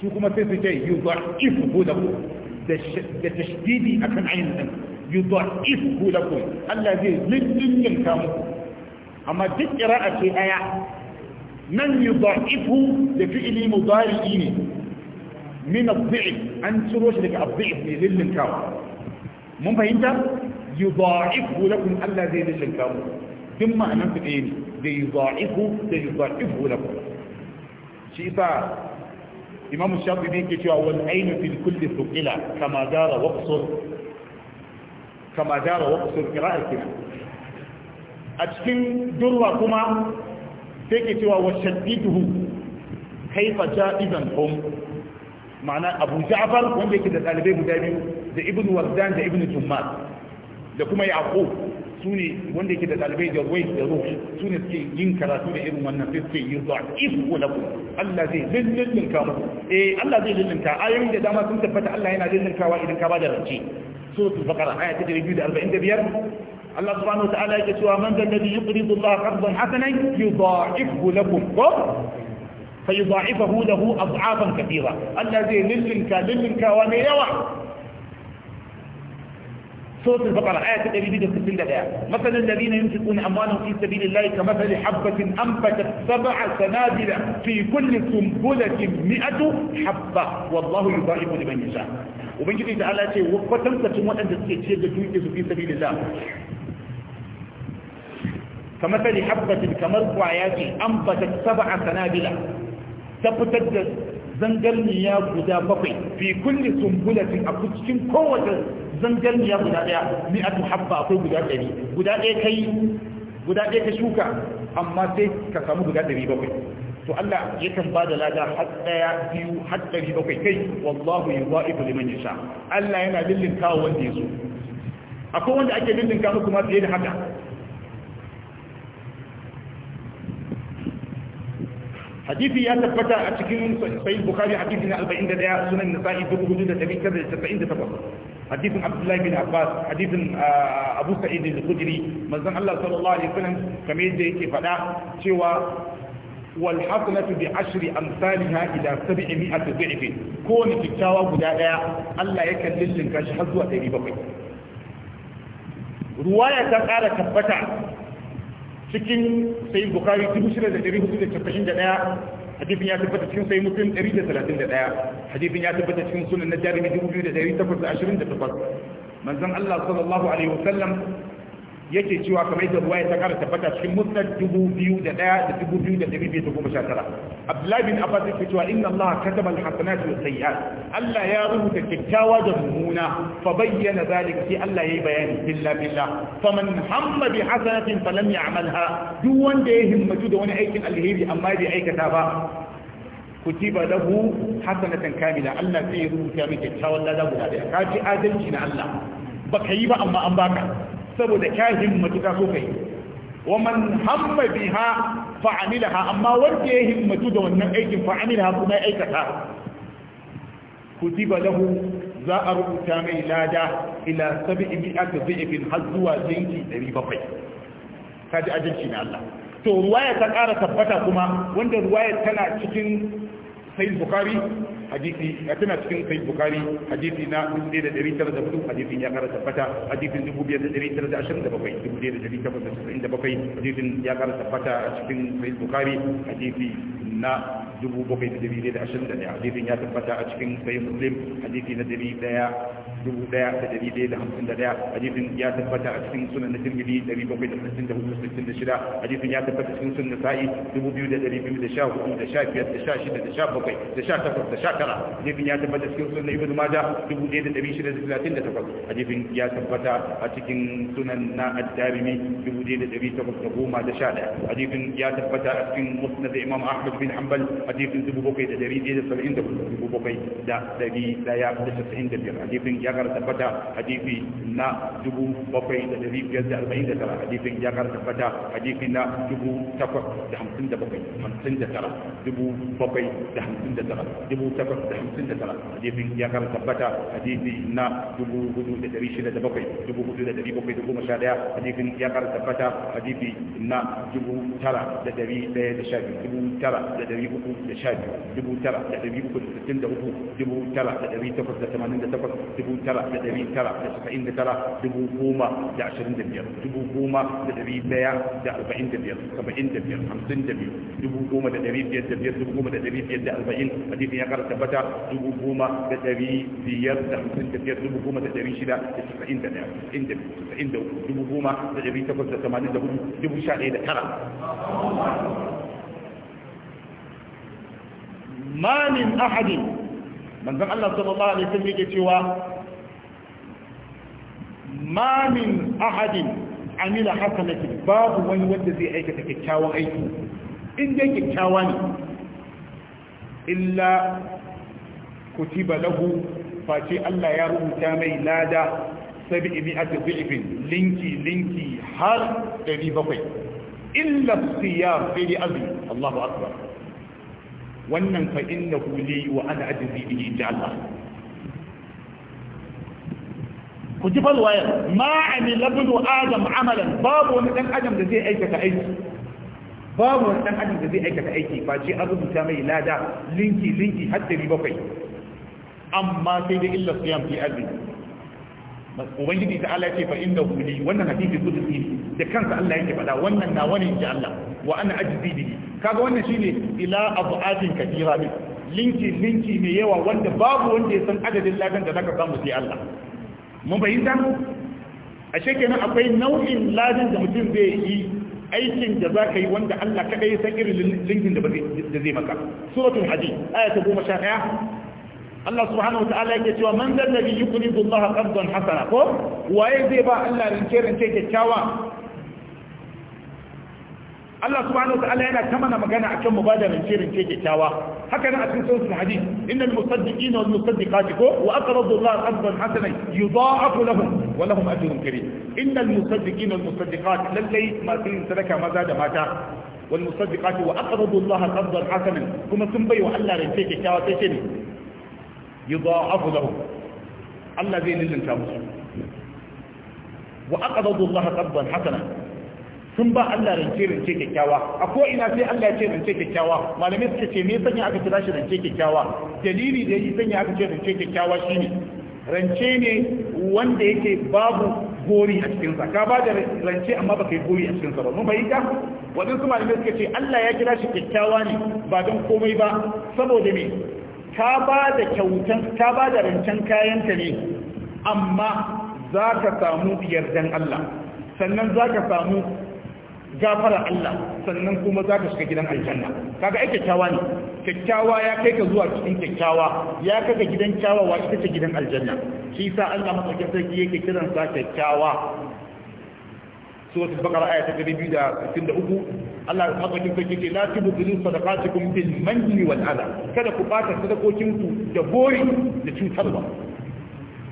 su kuma sai su ce yudha'ifu lakum تشديدي أكن عين أن يضعفه لكم الذي لن ينكم أما دي قراءة آية من يضعفه لفعل مضارئين من الضعف أن تروش لك الضعف للنكاو من فهمت يضعفه لكم الذي للنكاو ثم أنا بقيني ليضاعفه ليضاعفه لكم شيء imamu ne ke cewa wal ainu fil kulli thuqila kama dara waqsur kama dara a cikin durwa kuma sai ke cewa wa shaddiduhu kaifa ja'idan hom, ma'ana abu ja'far wanda yake da ɗalibai guda biyu da Ibn wardan da Ibn jummal da kuma yaqub su ne wanda yake da dalibai da ruwai da ruhu su ne suke yin karatu da irin wannan sai suke yin zuwa ifu ku? Allah zai lullunka muku eh Allah zai lullunka ayoyin da dama sun tabbata Allah yana lullunkawa idan ka bada rance suratul baqara aya ta 245 الله سبحانه وتعالى يقول من ذا الذي يقرض الله قرضا حسنا يضاعفه لكم فيضاعفه له أضعافا كثيرة الذي للنكا mai yawa. سورة البقرة آية النبي بدأ في الله مثل الذين ينفقون أموالهم في سبيل الله كمثل حبة أنبتت سبع سنابل في كل سنبلة مئة حبة والله يضاعف لمن يشاء وبنجد إذا الله شيء وقتلت سموات أن تتشير جدوك في سبيل الله كمثل حبة كمرقع ياتي أنبتت سبع سنابل تبتد zangarniya guda bakwai fi kulli sumbulatin a cikin kowace zangarniya guda daya ni a habba akwai guda ɗari guda ɗaya kai guda ɗaya ka shuka amma sai ka samu guda ɗari bakwai to Allah ya kan bada lada har ɗaya biyu har ɗari bakwai kai wallahu yi wa'ifu liman yasha Allah yana lillinkawa wanda ya so akwai wanda ake lillinka musu ma fiye da haka hadithi ya tabbata a cikin sahih bukhari hadithi na 41 sunan nasa'i 4998 da abdullahi bin abbas hadithin ah, abu sa'id al-khudri manzon allah sallallahu alaihi wasallam kamar yadda yake faɗa cewa wal hasanatu bi ashri amsalha ila 700 dhif ko ni fitawa guda daya allah ya kallin shi har zuwa 700 ruwaya ta kara tabbata cikin sai bukari da da da ɗari 6491 hadifin ya tabbata cikin sai ɗari da talatin da 131 hadifin ya tabbata cikin sunan na jarumi da da da ɗari takwas ashirin takwas manzon Allah sallallahu alaihi wasallam yake cewa kamar yadda ruwa ya ta kara tabbata cikin musnad dubu biyu da ɗaya da dubu biyu da dari biyu da goma sha tara abdullahi bin abbas yake cewa inna allaha kataba alhasanat wa sayyi'at allah ya rubuta kyakkyawa da mummuna fa bayyana zalika sai allah yayi bayani billa billa faman hamma bi hasanatin falam ya'malha duk wanda ya himmatu da wani aikin alheri amma bai aikata ba kutiba lahu hasanatan kamila allah sai ya rubuta miki kyakkyawan lada guda ɗaya ka ji adalci na allah baka yi ba amma an baka saboda kyahin matuka ko kai wa man hamma biha fa amma wanda ya himmatu da wannan aikin fa kuma ya aikata kutiba lahu za a rubuta mai lada ila sab'i mi'ati dhi'fin har zuwa jinki 700 kaji ajinci na Allah to ruwaya ta ƙara tabbata kuma wanda ruwaya tana cikin sai bukari hadisi a tana cikin sai bukari hadisi na dubu da ɗari tara da hudu hadisin ya kara tabbata hadisin dubu biyar da ɗari tara da ashirin da bakwai dubu biyar da ɗari tara da ashirin da bakwai hadisin ya kara tabbata a cikin sai bukari hadisi na dubu bakwai da dari da ashirin da ɗaya hadisin ya tabbata a cikin sayin muslim hadisi na dari daya dubu ɗaya da dari da hamsin da ɗaya hadisin ya tabbata a cikin sunan na tirmidhi dari bakwai da sittin da hudu sittin da shida hadisin ya tabbata cikin sunan nasa'i dubu biyu da dari biyu da sha hudu da sha biyar da sha shida da sha bakwai da sha takwas da sha tara hadisin ya tabbata cikin sunan ibnu majah dubu ɗaya da dari shida da talatin da takwas hadisin ya tabbata a cikin sunan na ad-darimi dubu ɗaya da dari takwas da goma da sha ɗaya hadisin ya tabbata a cikin musnad imam ahmad bin hanbal hadisin 7,774,195 hadisin ya kara tabbata hadisi na dubu bakwai da da da dari arba'in tara. hadisin ya kara tabbata hadisi na dubu Dubu Dubu takwas takwas da da da da da da hamsin hamsin hamsin hamsin bakwai bakwai tara. tara. da tara. hadisin ya kara tabbata hadisi na dubu Dubu da da da da dari dari shida bakwai. bakwai goma sha 4,711 hadisin ya kara tabbata hadisi na dubu Dubu tara da da dari daya sha biyu. tara da dari uku. da sha biyu dubu tara da ɗari uku da sittin da uku dubu tara da ɗari takwas da tamanin da takwas dubu tara da ɗari tara da saba'in da tara dubu goma da ashirin da biyar dubu goma da ɗari ɗaya da arba'in da biyar saba'in da biyar hamsin da biyu dubu goma da ɗari biyar da biyar dubu goma da ɗari biyar da arba'in hadisin ya ƙara tabbata dubu goma da ɗari biyar da hamsin da biyar dubu goma da ɗari shida da saba'in da ɗaya saba'in da uku dubu goma da ɗari takwas da tamanin da hudu dubu sha ɗaya da tara Mamin min ahadin manzon Allah sallallahu alaihi wasallam yake cewa ma min ahadin amila hasanatin babu wani wanda zai aikata kyakkyawan aiki in dai kyakkyawa ne illa kutiba lahu face Allah ya rubuta mai lada sabi mi'ati dhifin linki linki har 700 illa siyam fi azmi Allahu akbar wannan fa innahu li wa ana ajzi bihi inda Allah ku ji falwayar ma amila ibn adam amalan babu wani dan adam da zai aikata aiki babu wani dan adam da zai aikata aiki ba ce an rubuta mai lada linki linki har bakwai amma sai da illa siyam fi ardi ubangiji ta Allah ce fa inda huli wannan hadisi kudusi da kansa Allah yake faɗa wannan na wani inji Allah wa ana ajzi bihi kaga wannan shine ila abadin kabira ne linki linki mai yawa wanda babu wanda ya san adadin ladan da zaka samu sai Allah mun bayyana ashe kenan akwai nau'in ladan da mutum zai yi aikin da za ka yi wanda Allah kaɗai ya san irin linkin da zai maka suratul hajji aya ta 11 Allah subhanahu wataala yake cewa man zan nabi yuqridu Allah qardan hasana ko waye zai ba Allah rinke rinke kyakkyawa Allah subhanahu wa ta'ala yana ta mana magana akan mubadarin cirin ce kyakkyawa haka nan a cikin sunan hadith innal musaddiqin wal musaddiqat ko wa aqradu Allah qadran hasanan yudha'afu lahum wa lahum ajrun karim innal musaddiqin wal musaddiqat lallai masu yin sadaka maza da mata wal musaddiqat wa aqradu Allah qadran hasanan kuma sun bai wa Allah rance kyakkyawa sai ce ne yudha'afu lahum Allah zai lullunta musu wa aqradu Allah qadran hasanan sun ba Allah rance rance kyakkyawa a ko ina sai Allah ya ce rance kyakkyawa malamai suka ce me sanya aka kira shi rance kyakkyawa dalili da yake sanya aka ce rance kyakkyawa shine rance ne wanda yake babu gori a cikinsa ka ba da rance amma baka yi gori a cikinsa ba mun fahimta su malamai suka ce Allah ya kira shi kyakkyawa ne ba don komai ba saboda me ka ba da kyautan ka ba da rancen kayanta ne amma za ka samu yardan Allah sannan za ka samu gafara Allah sannan kuma za ka shiga gidan aljanna kaga ai kyakkyawa ne kyakkyawa ya kai ka zuwa cikin kyakkyawa ya kaga gidan gidan kyawawa ita ce gidan aljanna shi sa Allah madaukakin sarki yake kiran sa kyakkyawa suratul baqara ayat ta 263 Allah madaukin sarki ce la tubdilu sadaqatikum bil manni wal adha kada ku bata sadakokin ku da bori da cutarwa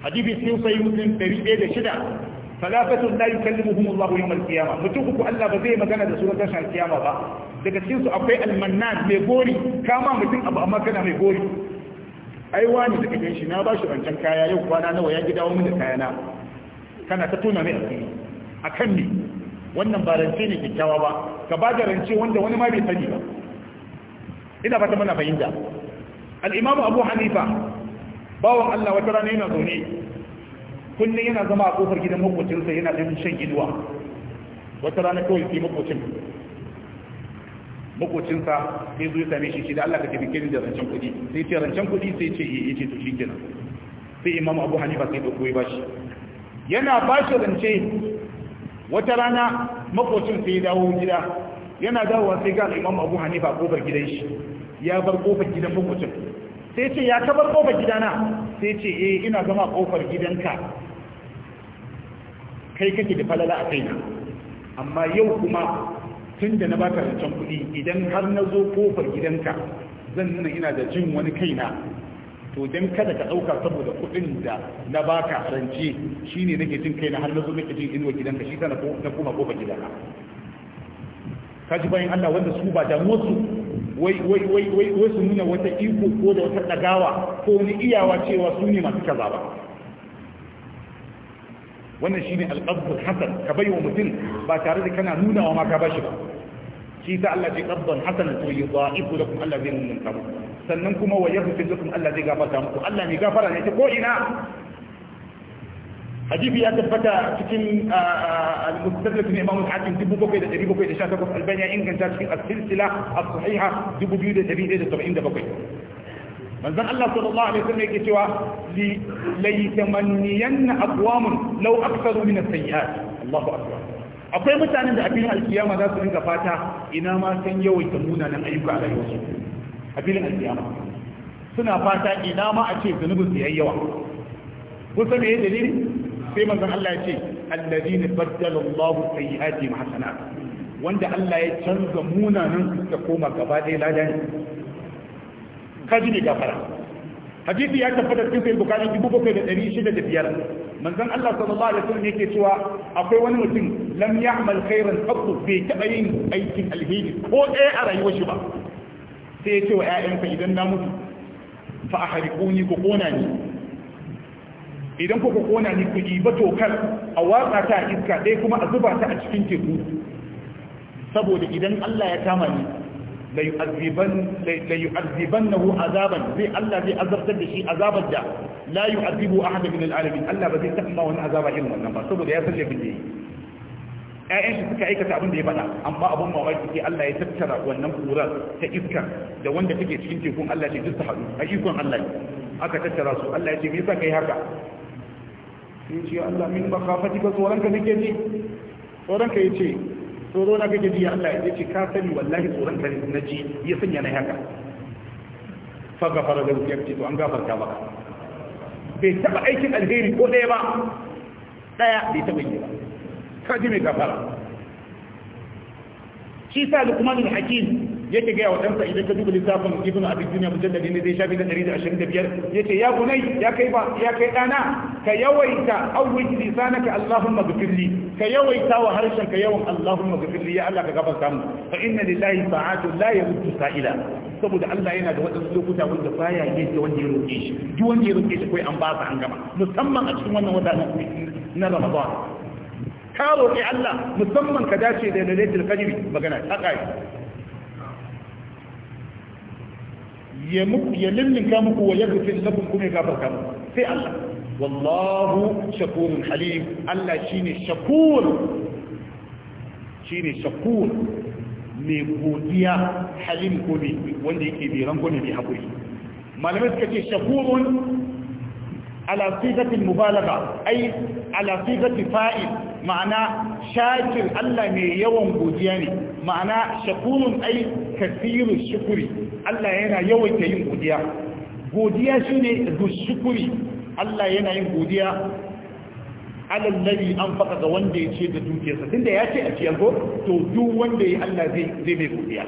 hadisi sai sai mutum 106 falafatun la yukallimuhum Allah yawm al-qiyama mutum uku Allah ba zai magana da su ran tashin kiyama ba daga cikin su akwai al-mannan mai gori kama mutum abu amma kana mai gori ai wani da kake shi na ba shi rancen kaya yau kwana nawa ya gidawo min da kayana kana ta tuna mai asiri akan ni wannan ba rance ne kikkiawa ba ka ba da rance wanda wani ma bai sani ba ina fata mana fahimta al-imamu Abu Hanifa bawan Allah wata rana yana zaune kullum yana zama a kofar gidan makocinsa yana ɗan shan giduwa wata rana kawai sai makocin makocinsa sai zo ya same shi shi da Allah ka tafi ni da rancen kuɗi sai ce rancen kuɗi sai ce eh, ya ce to shikenan sai imam abu hanifa sai ɗauko ya bashi yana bashi rance wata rana makocin sai ya dawo gida yana dawowa sai ga imam abu hanifa kofar gidan shi ya bar kofar gidan makocin sai ce ya bar kofar gidana sai ce eh ina zama kofar gidanka kai kake da falala a kai amma yau kuma tun da na baka rancen kuɗi idan har na zo kofar gidanka zan nuna ina da jin wani kaina to don kada ka ɗauka saboda kuɗin da na baka rance shine nake jin kaina har na zo nake jin inuwa gidanka shi ta na koma kofar gidanka kaji bayan Allah wanda su ba damuwarsu wai wai wai wai su nuna wata iko ko da wata dagawa ko wani iyawa cewa su ne masu kaza ba wannan shine al-qabd hasan ka bai wa mutum ba tare da kana nuna wa ma ka bashi ba shi ta Allah ce qabdan hasan to yudha'ifu lakum Allah zai mun kabu sannan kuma wa yaghfir lakum Allah zai gafarta muku Allah ne gafara ne ta ko ina hadisi ya tabbata cikin al-mustadrak ne Imam al-Hakim takwas albani ya inganta cikin as-silsila as-sahiha bakwai. manzon Allah sallallahu alaihi wasallam yake cewa li laytamanniyanna aqwamun law aktharu min as-sayyi'at Allahu akbar akwai mutanen da abin filin alkiyama za su rinka fata ina ma san yawaita munanan ayyuka a rayuwarsu a filin alkiyama suna fata ina ma a ce zunubin su yayyawa san me dalili sai manzon Allah ya ce alladhina baddala Allahu sayyi'atihim hasanat wanda Allah ya canza munanan su ta koma gaba ɗaya ladan kaji ne gafara hadisi ya tabbata cikin sahih bukhari dubu bakwai da ɗari shida da biyar manzon Allah sallallahu alaihi wasallam yake cewa akwai wani mutum lam ya'mal khairan qattu bai taɓa yin aikin alheri ko ɗaya a rayuwar shi ba sai ya ce wa ƴaƴansa idan na mutu fa ahriquni ku kona ni idan kuka kona ni ku ba tokar a watsa ta iska ɗaya kuma a zuba ta a cikin teku saboda idan Allah ya kama ni la yu'azziban la yu'azzibannahu azaban zai Allah zai azabtar da shi azabar da la yu'azzibu ahad min al'alamin Allah ba zai taba wani azaba irin wannan ba saboda ya san laifin da yi ƴaƴan shi suka aikata abin da ya faɗa amma abin mamaki ke Allah ya tattara wannan kurar ta iska da wanda take cikin tekun Allah ce duk ta haɗu a ikon Allah ne. aka tattara su Allah ya ce me yasa kai haka Sun ce Allah min makafatika tsoron ka nake ji tsoron ya ce. tsoro na kake ji Allah ya ce ka sani wallahi tsoron ka na ji ya sanya na haka fa fara da ya ce to an gafarta maka bai taba aikin alheri ko ɗaya ba ɗaya bai taba yi ba ka ji mai gafara shi sa lukman al-hakim yake gaya wa ɗansa idan ka duba littafin ibn abin duniya mujalladi ne zai shafi na ɗari da ashirin da biyar yace ya bunai ya kai ba ya kai ɗana ka yawaita awwaj lisanaka allahumma gfirli ka yawaita wa harshen ka yawan allahumma gfirli ya Allah ka gafarta mu fa inna lillahi sa'atu la yaruddu sa'ila saboda Allah yana da wadansu lokuta wanda baya yake wanda ya roke shi duk wanda ya roke shi kai an ba sa an gama musamman a cikin wannan wata na Ramadan ka roƙi Allah musamman ka dace da lailatul qadr magana ta kai ya limninka muku wa yaghfir lakum kuma ya gafarta muku sai Allah wallahu shakurun halim Allah shine shakur shine shakur mai godiya halim ko ne wanda yake bi ranko ne bi hakuri malamai suka ce shakurun على صيغة المبالغة أي على صيغة فائل معنى شاكر الله من يوم بودياني معنى شكور أي كثير الشكر الله ينا يوم كيوم بوديا بوديا شنو ذو الشكر الله ينا يوم بوديا على الذي أنفق ذا وندي يشيد دوكيسا تندي ياتي أشياء الغور تو دو وندي الله زي زي بوديا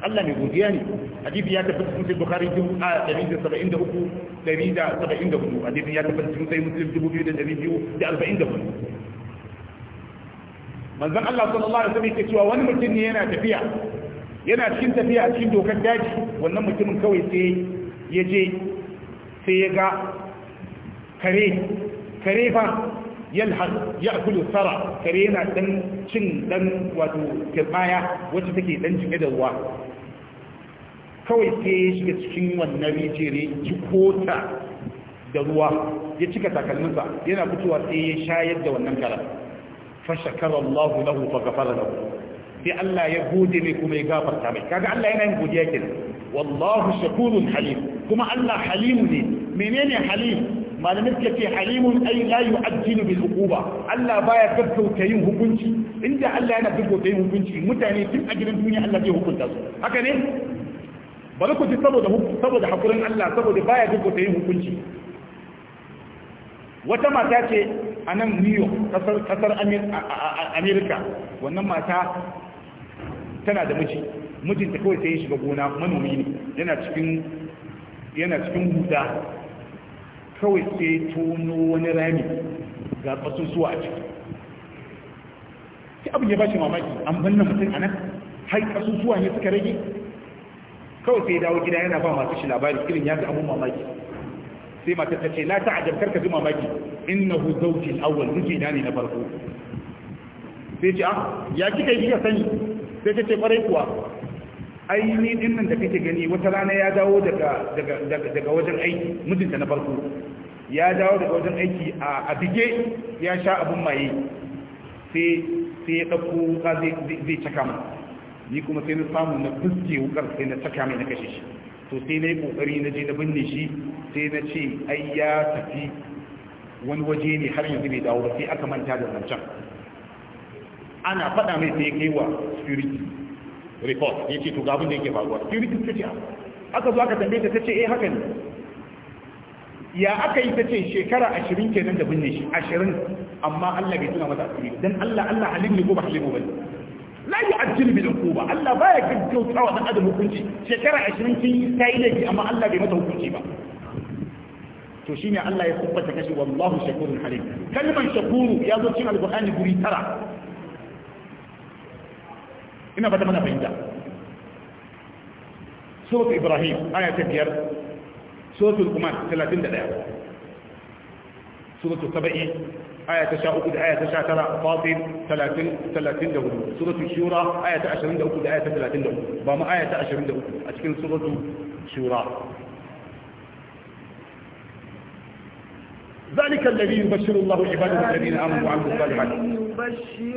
Allah mai godiya ne hadisi ya tafi cikin Bukhari dubu a ɗari da saba'in da uku ɗari da saba'in da hudu hadisin ya tafi cikin sai Muslim dubu biyu da ɗari biyu da arba'in da hudu manzon Allah sallallahu alaihi wasallam ya cewa wani mutum ne yana tafiya yana cikin tafiya a cikin dokar daji wannan mutumin kawai sai ya je sai ya ga kare kare fa yalhar ya akulu tsara kare yana dan cin dan wato kirmaya wacce take dan cike da ruwa kawai sai ya shiga cikin wannan rijiyar jikota da ruwa ya cika takalminsa yana fitowa sai ya shayar da wannan karar fashakar Allah lahu fa gafara lahu sai Allah ya gode mai kuma ya gafarta mai kaga Allah yana yin godiya kenan wallahu shakurun halim kuma Allah halim ne menene halim malamin ka ce halimun ai la yu'ajjilu bil uquba Allah baya gaggauta yin hukunci inda Allah yana gaggauta yin hukunci mutane tun a gidan duniya Allah zai hukunta su haka ne bari ku ji saboda saboda hakurin Allah saboda baya duk ta yin hukunci wata mata ce a nan New York kasar kasar America wannan mata tana da miji mijinta kawai sai ya shiga gona manomi ne yana cikin yana cikin huda kawai sai tono wani rami ga ƙasusuwa a ciki Ki abin ya ba shi mamaki an bannan mutum a nan har ƙasusuwa ne suka rage kawai sai dawo gida yana ba masu shi labari irin ya ga abun mamaki sai matar ta ce la ta'ajab karka ji mamaki innahu zawji al-awwal miji na ne na farko sai ce ah ya kika yi sani sai ta ce kwarai kuwa ai ni din nan da kake gani wata rana ya dawo daga daga daga wajen aiki mijinta na farko ya dawo daga wajen aiki a abige ya sha abun maye sai sai ya dauko ka zai zai caka mana ni kuma sai na samu na fuske wukar sai na saka mai na kashe shi to sai na yi kokari na je na binne shi sai na ce ai ya tafi wani waje ne har yanzu bai dawo ba sai aka manta da zancen ana faɗa mai sai ya kai wa security report ya ce to gabin da yake faruwa security ta ce aka zo aka tambaye ta ta ce eh haka ne ya aka yi ta ce shekara ashirin kenan da binne shi ashirin amma Allah bai tuna mata asiri Don Allah Allah halin ne ko ba halin ne la yu'ajjilu bil uquba Allah baya gaggauta wa dan adam shekara ashirin kin yi sai laifi amma Allah bai mata hukunci ba to shine Allah ya kubbata kashi wallahu shakurun halim kalman shakuru ya zo cikin alqur'ani guri tara ina fata mana fahimta suratul ibrahim aya sabai aya ta 13 da aya ta 19 fatir 30 34 suratul shura aya ta 23 da aya ta 34 ba ma aya ta 23 a cikin suratul shura ذلك الذي يبشر الله عباده الذين آمنوا وعملوا الصالحات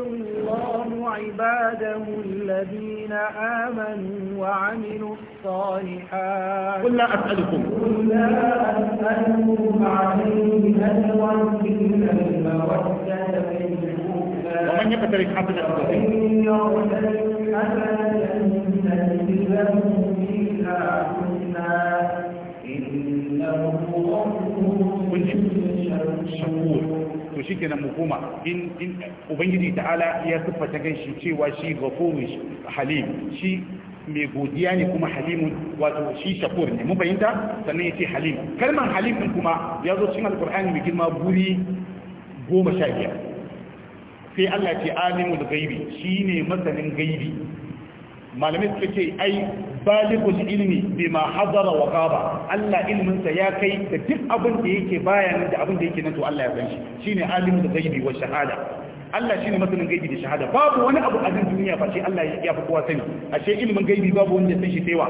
يبشر الله عباده الذين آمنوا وعملوا الصالحات قل لا أسألكم قل لا أسألكم عليه أجرا إلا المودة ومن يقترف حسنة فسيئة إنه shakur to shi kenan mu koma in ubangiji ta'ala ya siffata ganshi cewa shi ghafurun halim shi mai godiya ne kuma halimun wato shi shakur ne mun fahimta sannan yace halim kalmar halim din kuma ya zo cikin alqur'ani mai girma buri goma sha biyar sai Allah ce alimul ghaibi shine masanin gaibi. malamai suka ce ai balikul ilmi bima hadara wa qaba Allah ilmin sa ya kai da duk abin da yake bayan da abin da yake nan to Allah ya san shi shine alimul gaibi wa shahada Allah shine masanin gaibi da shahada babu wani abu a duniya face Allah ya fi kowa sani ashe ilmin gaibi babu wanda ya san shi sai wa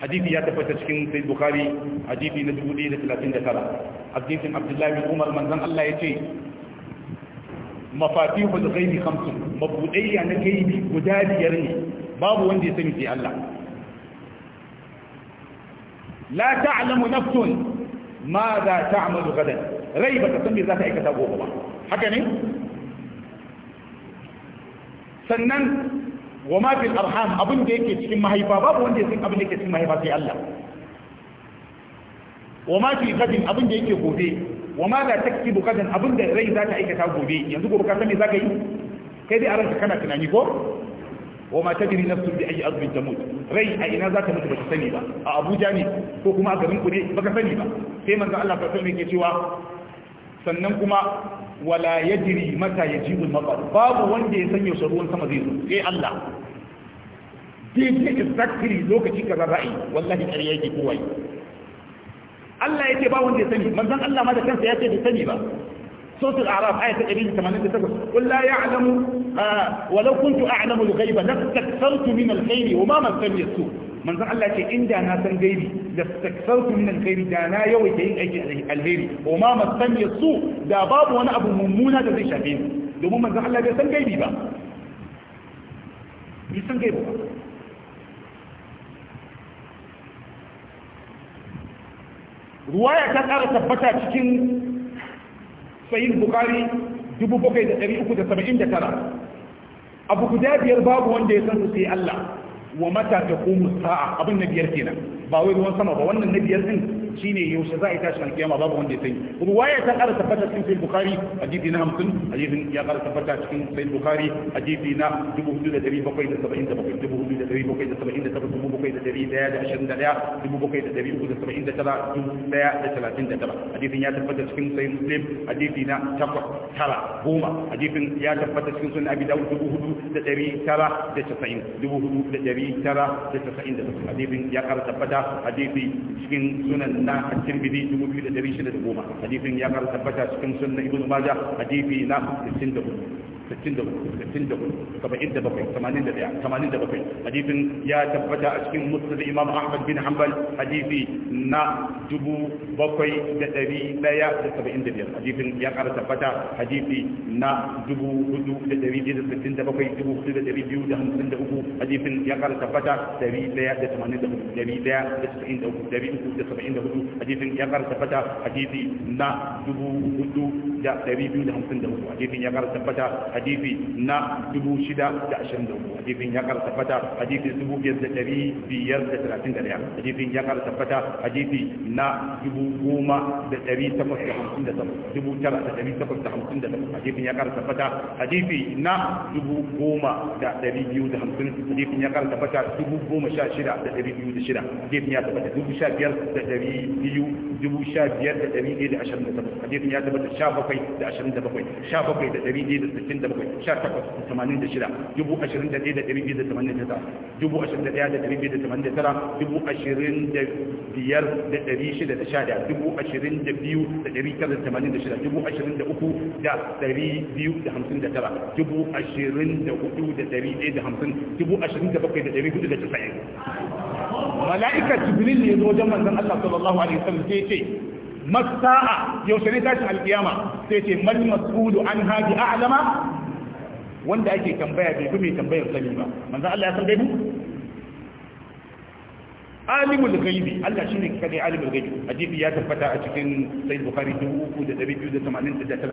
hadisi ya tabbata cikin sai bukhari hadisi na 1039 hadisin abdullahi umar manzon Allah ya ce. mafatihul ghaibi khamsun mabudaiya na gaibi guda biyar ne babu wanda ya sani sai Allah la ta'lamu nafsun ma za ta'malu gadan rai ba ta san me za ta aikata gobe ba haka ne sannan wa ma fil arham abin da yake cikin mahaifa babu wanda ya san abin da yake cikin mahaifa sai Allah wa ma fi gadin abin da yake gobe wa ma za ta kibu gadin abin da rai za ta aikata gobe yanzu gobe ka san me za ka yi kai dai a ranka kana tunani ko wa ma tadri nafsun bi ayi ta tamut rai a ina za ta mutu ba baka sani ba a Abuja ne ko kuma a garin ku ne ba ka sani ba sai manzo Allah ta sani ke cewa sannan kuma wala yajri mata ya ji al-matar babu wanda ya san yaushe ruwan sama zai zo sai Allah dai exactly lokaci kaza ra'ayi wallahi ƙarya yake kowai Allah ya ce ba wanda ya sani manzon Allah ma da kansa ya ce bai sani ba sosul arab ayat ta ɗari tamanin da takwas kun la ya ah, alamu walau kun tu alamu gaiba na stakfartu min alkhairi wa ma man sani su manzon Allah ce in da na san gaibi da stakfartu min alkhairi da na yawai ta yin aiki alheri wa ma man sani da babu wani abu mummuna da zai shafe ni domin manzon Allah bai san gaibi ba bai san gaibi ba ruwaya ta ƙara tabbata cikin sayin bukari 7379 abu guda biyar babu wanda ya san su sai Allah wa mata ta kuma sa'a abin na biyar kenan ba wai ruwan sama ba wannan na biyar din shine yaushe za a yi tashin alkiyama babu wanda ya sani ruwaya ta ƙara tabbata cikin sayin bukari hadisi na hamsin a hadisin ya ƙara tabbata cikin sayin bukari hadisi na 4777 4777 da dari daya da ashirin da daya dubu bakwai da dari uku da saba'in da tara dubu daya da talatin da tara hadisin ya tabbata cikin sayin muslim hadisi na takwas tara goma hadisin ya tabbata cikin sunan abi dawud dubu hudu da dari tara da casa'in dubu hudu da dari tara da casa'in da tara hadisin ya kara tabbata hadisi cikin sunan na tirmidhi dubu biyu da dari shida da goma hadisin ya kara tabbata cikin sunan ibnu majah hadisi na 64 hadisin ya tabbata a cikin musnad imam ahmad bin hanbal hadisi na dubu bakwai da ɗari ɗaya da saba'in da biyar hadisin ya ƙara tabbata hadisi na dubu hudu da ɗari biyu da sittin da bakwai dubu hudu da ɗari biyu da hamsin da uku hadisin ya ƙara tabbata ɗari ɗaya da tamanin da hudu ɗari ɗaya da saba'in da uku ɗari uku da saba'in da hudu hadisin ya ƙara tabbata hadisi na dubu hudu da ɗari biyu da hamsin da uku hadisin ya ƙara tabbata hadisi na dubu shida da ashirin da uku hadisin ya ƙara tabbata hadisi dubu biyar da ɗari biyar da talatin da ɗaya hadisin ya ƙara tabbata hadisi na dubu goma da ɗari takwas da hamsin da takwas dubu tara da ɗari takwas da hamsin da takwas hadisin ya ƙara tabbata hadisi na dubu goma da ɗari biyu da hamsin hadisin ya ƙara tabbata dubu goma sha shida da ɗari biyu da shida hadisin ya tabbata dubu sha biyar da ɗari biyu dubu sha biyar da ɗari ɗaya da ashirin da takwas hadisin ya tabbata sha bakwai da ashirin da bakwai sha bakwai da ɗari ɗaya da sittin da bakwai sha takwas da tamanin da shida dubu ashirin da ɗaya da ɗari biyu da tamanin da tara dubu ashirin da ɗaya da ɗari biyu da tamanin da tara dubu ashirin da biyu biyar da ɗari shida da sha da dubu ashirin da biyu da ɗari tara da tamanin da shida dubu ashirin da uku da ɗari biyu da hamsin da tara dubu ashirin da hudu da ɗari ɗaya da hamsin dubu ashirin da bakwai da ɗari hudu da casa'in mala'ika jibril ne wajen manzon Allah sallallahu alaihi wasallam sai ce masa'a yaushe ne tashin alkiyama sai ce mal mas'ulu an hadi a'lama wanda ake tambaya bai bi mai tambayar sani ba manzon Allah ya san gaibu alimul gaibi Allah shine kadai alimul gaibi hadisi ya tabbata a cikin sahih bukhari 3289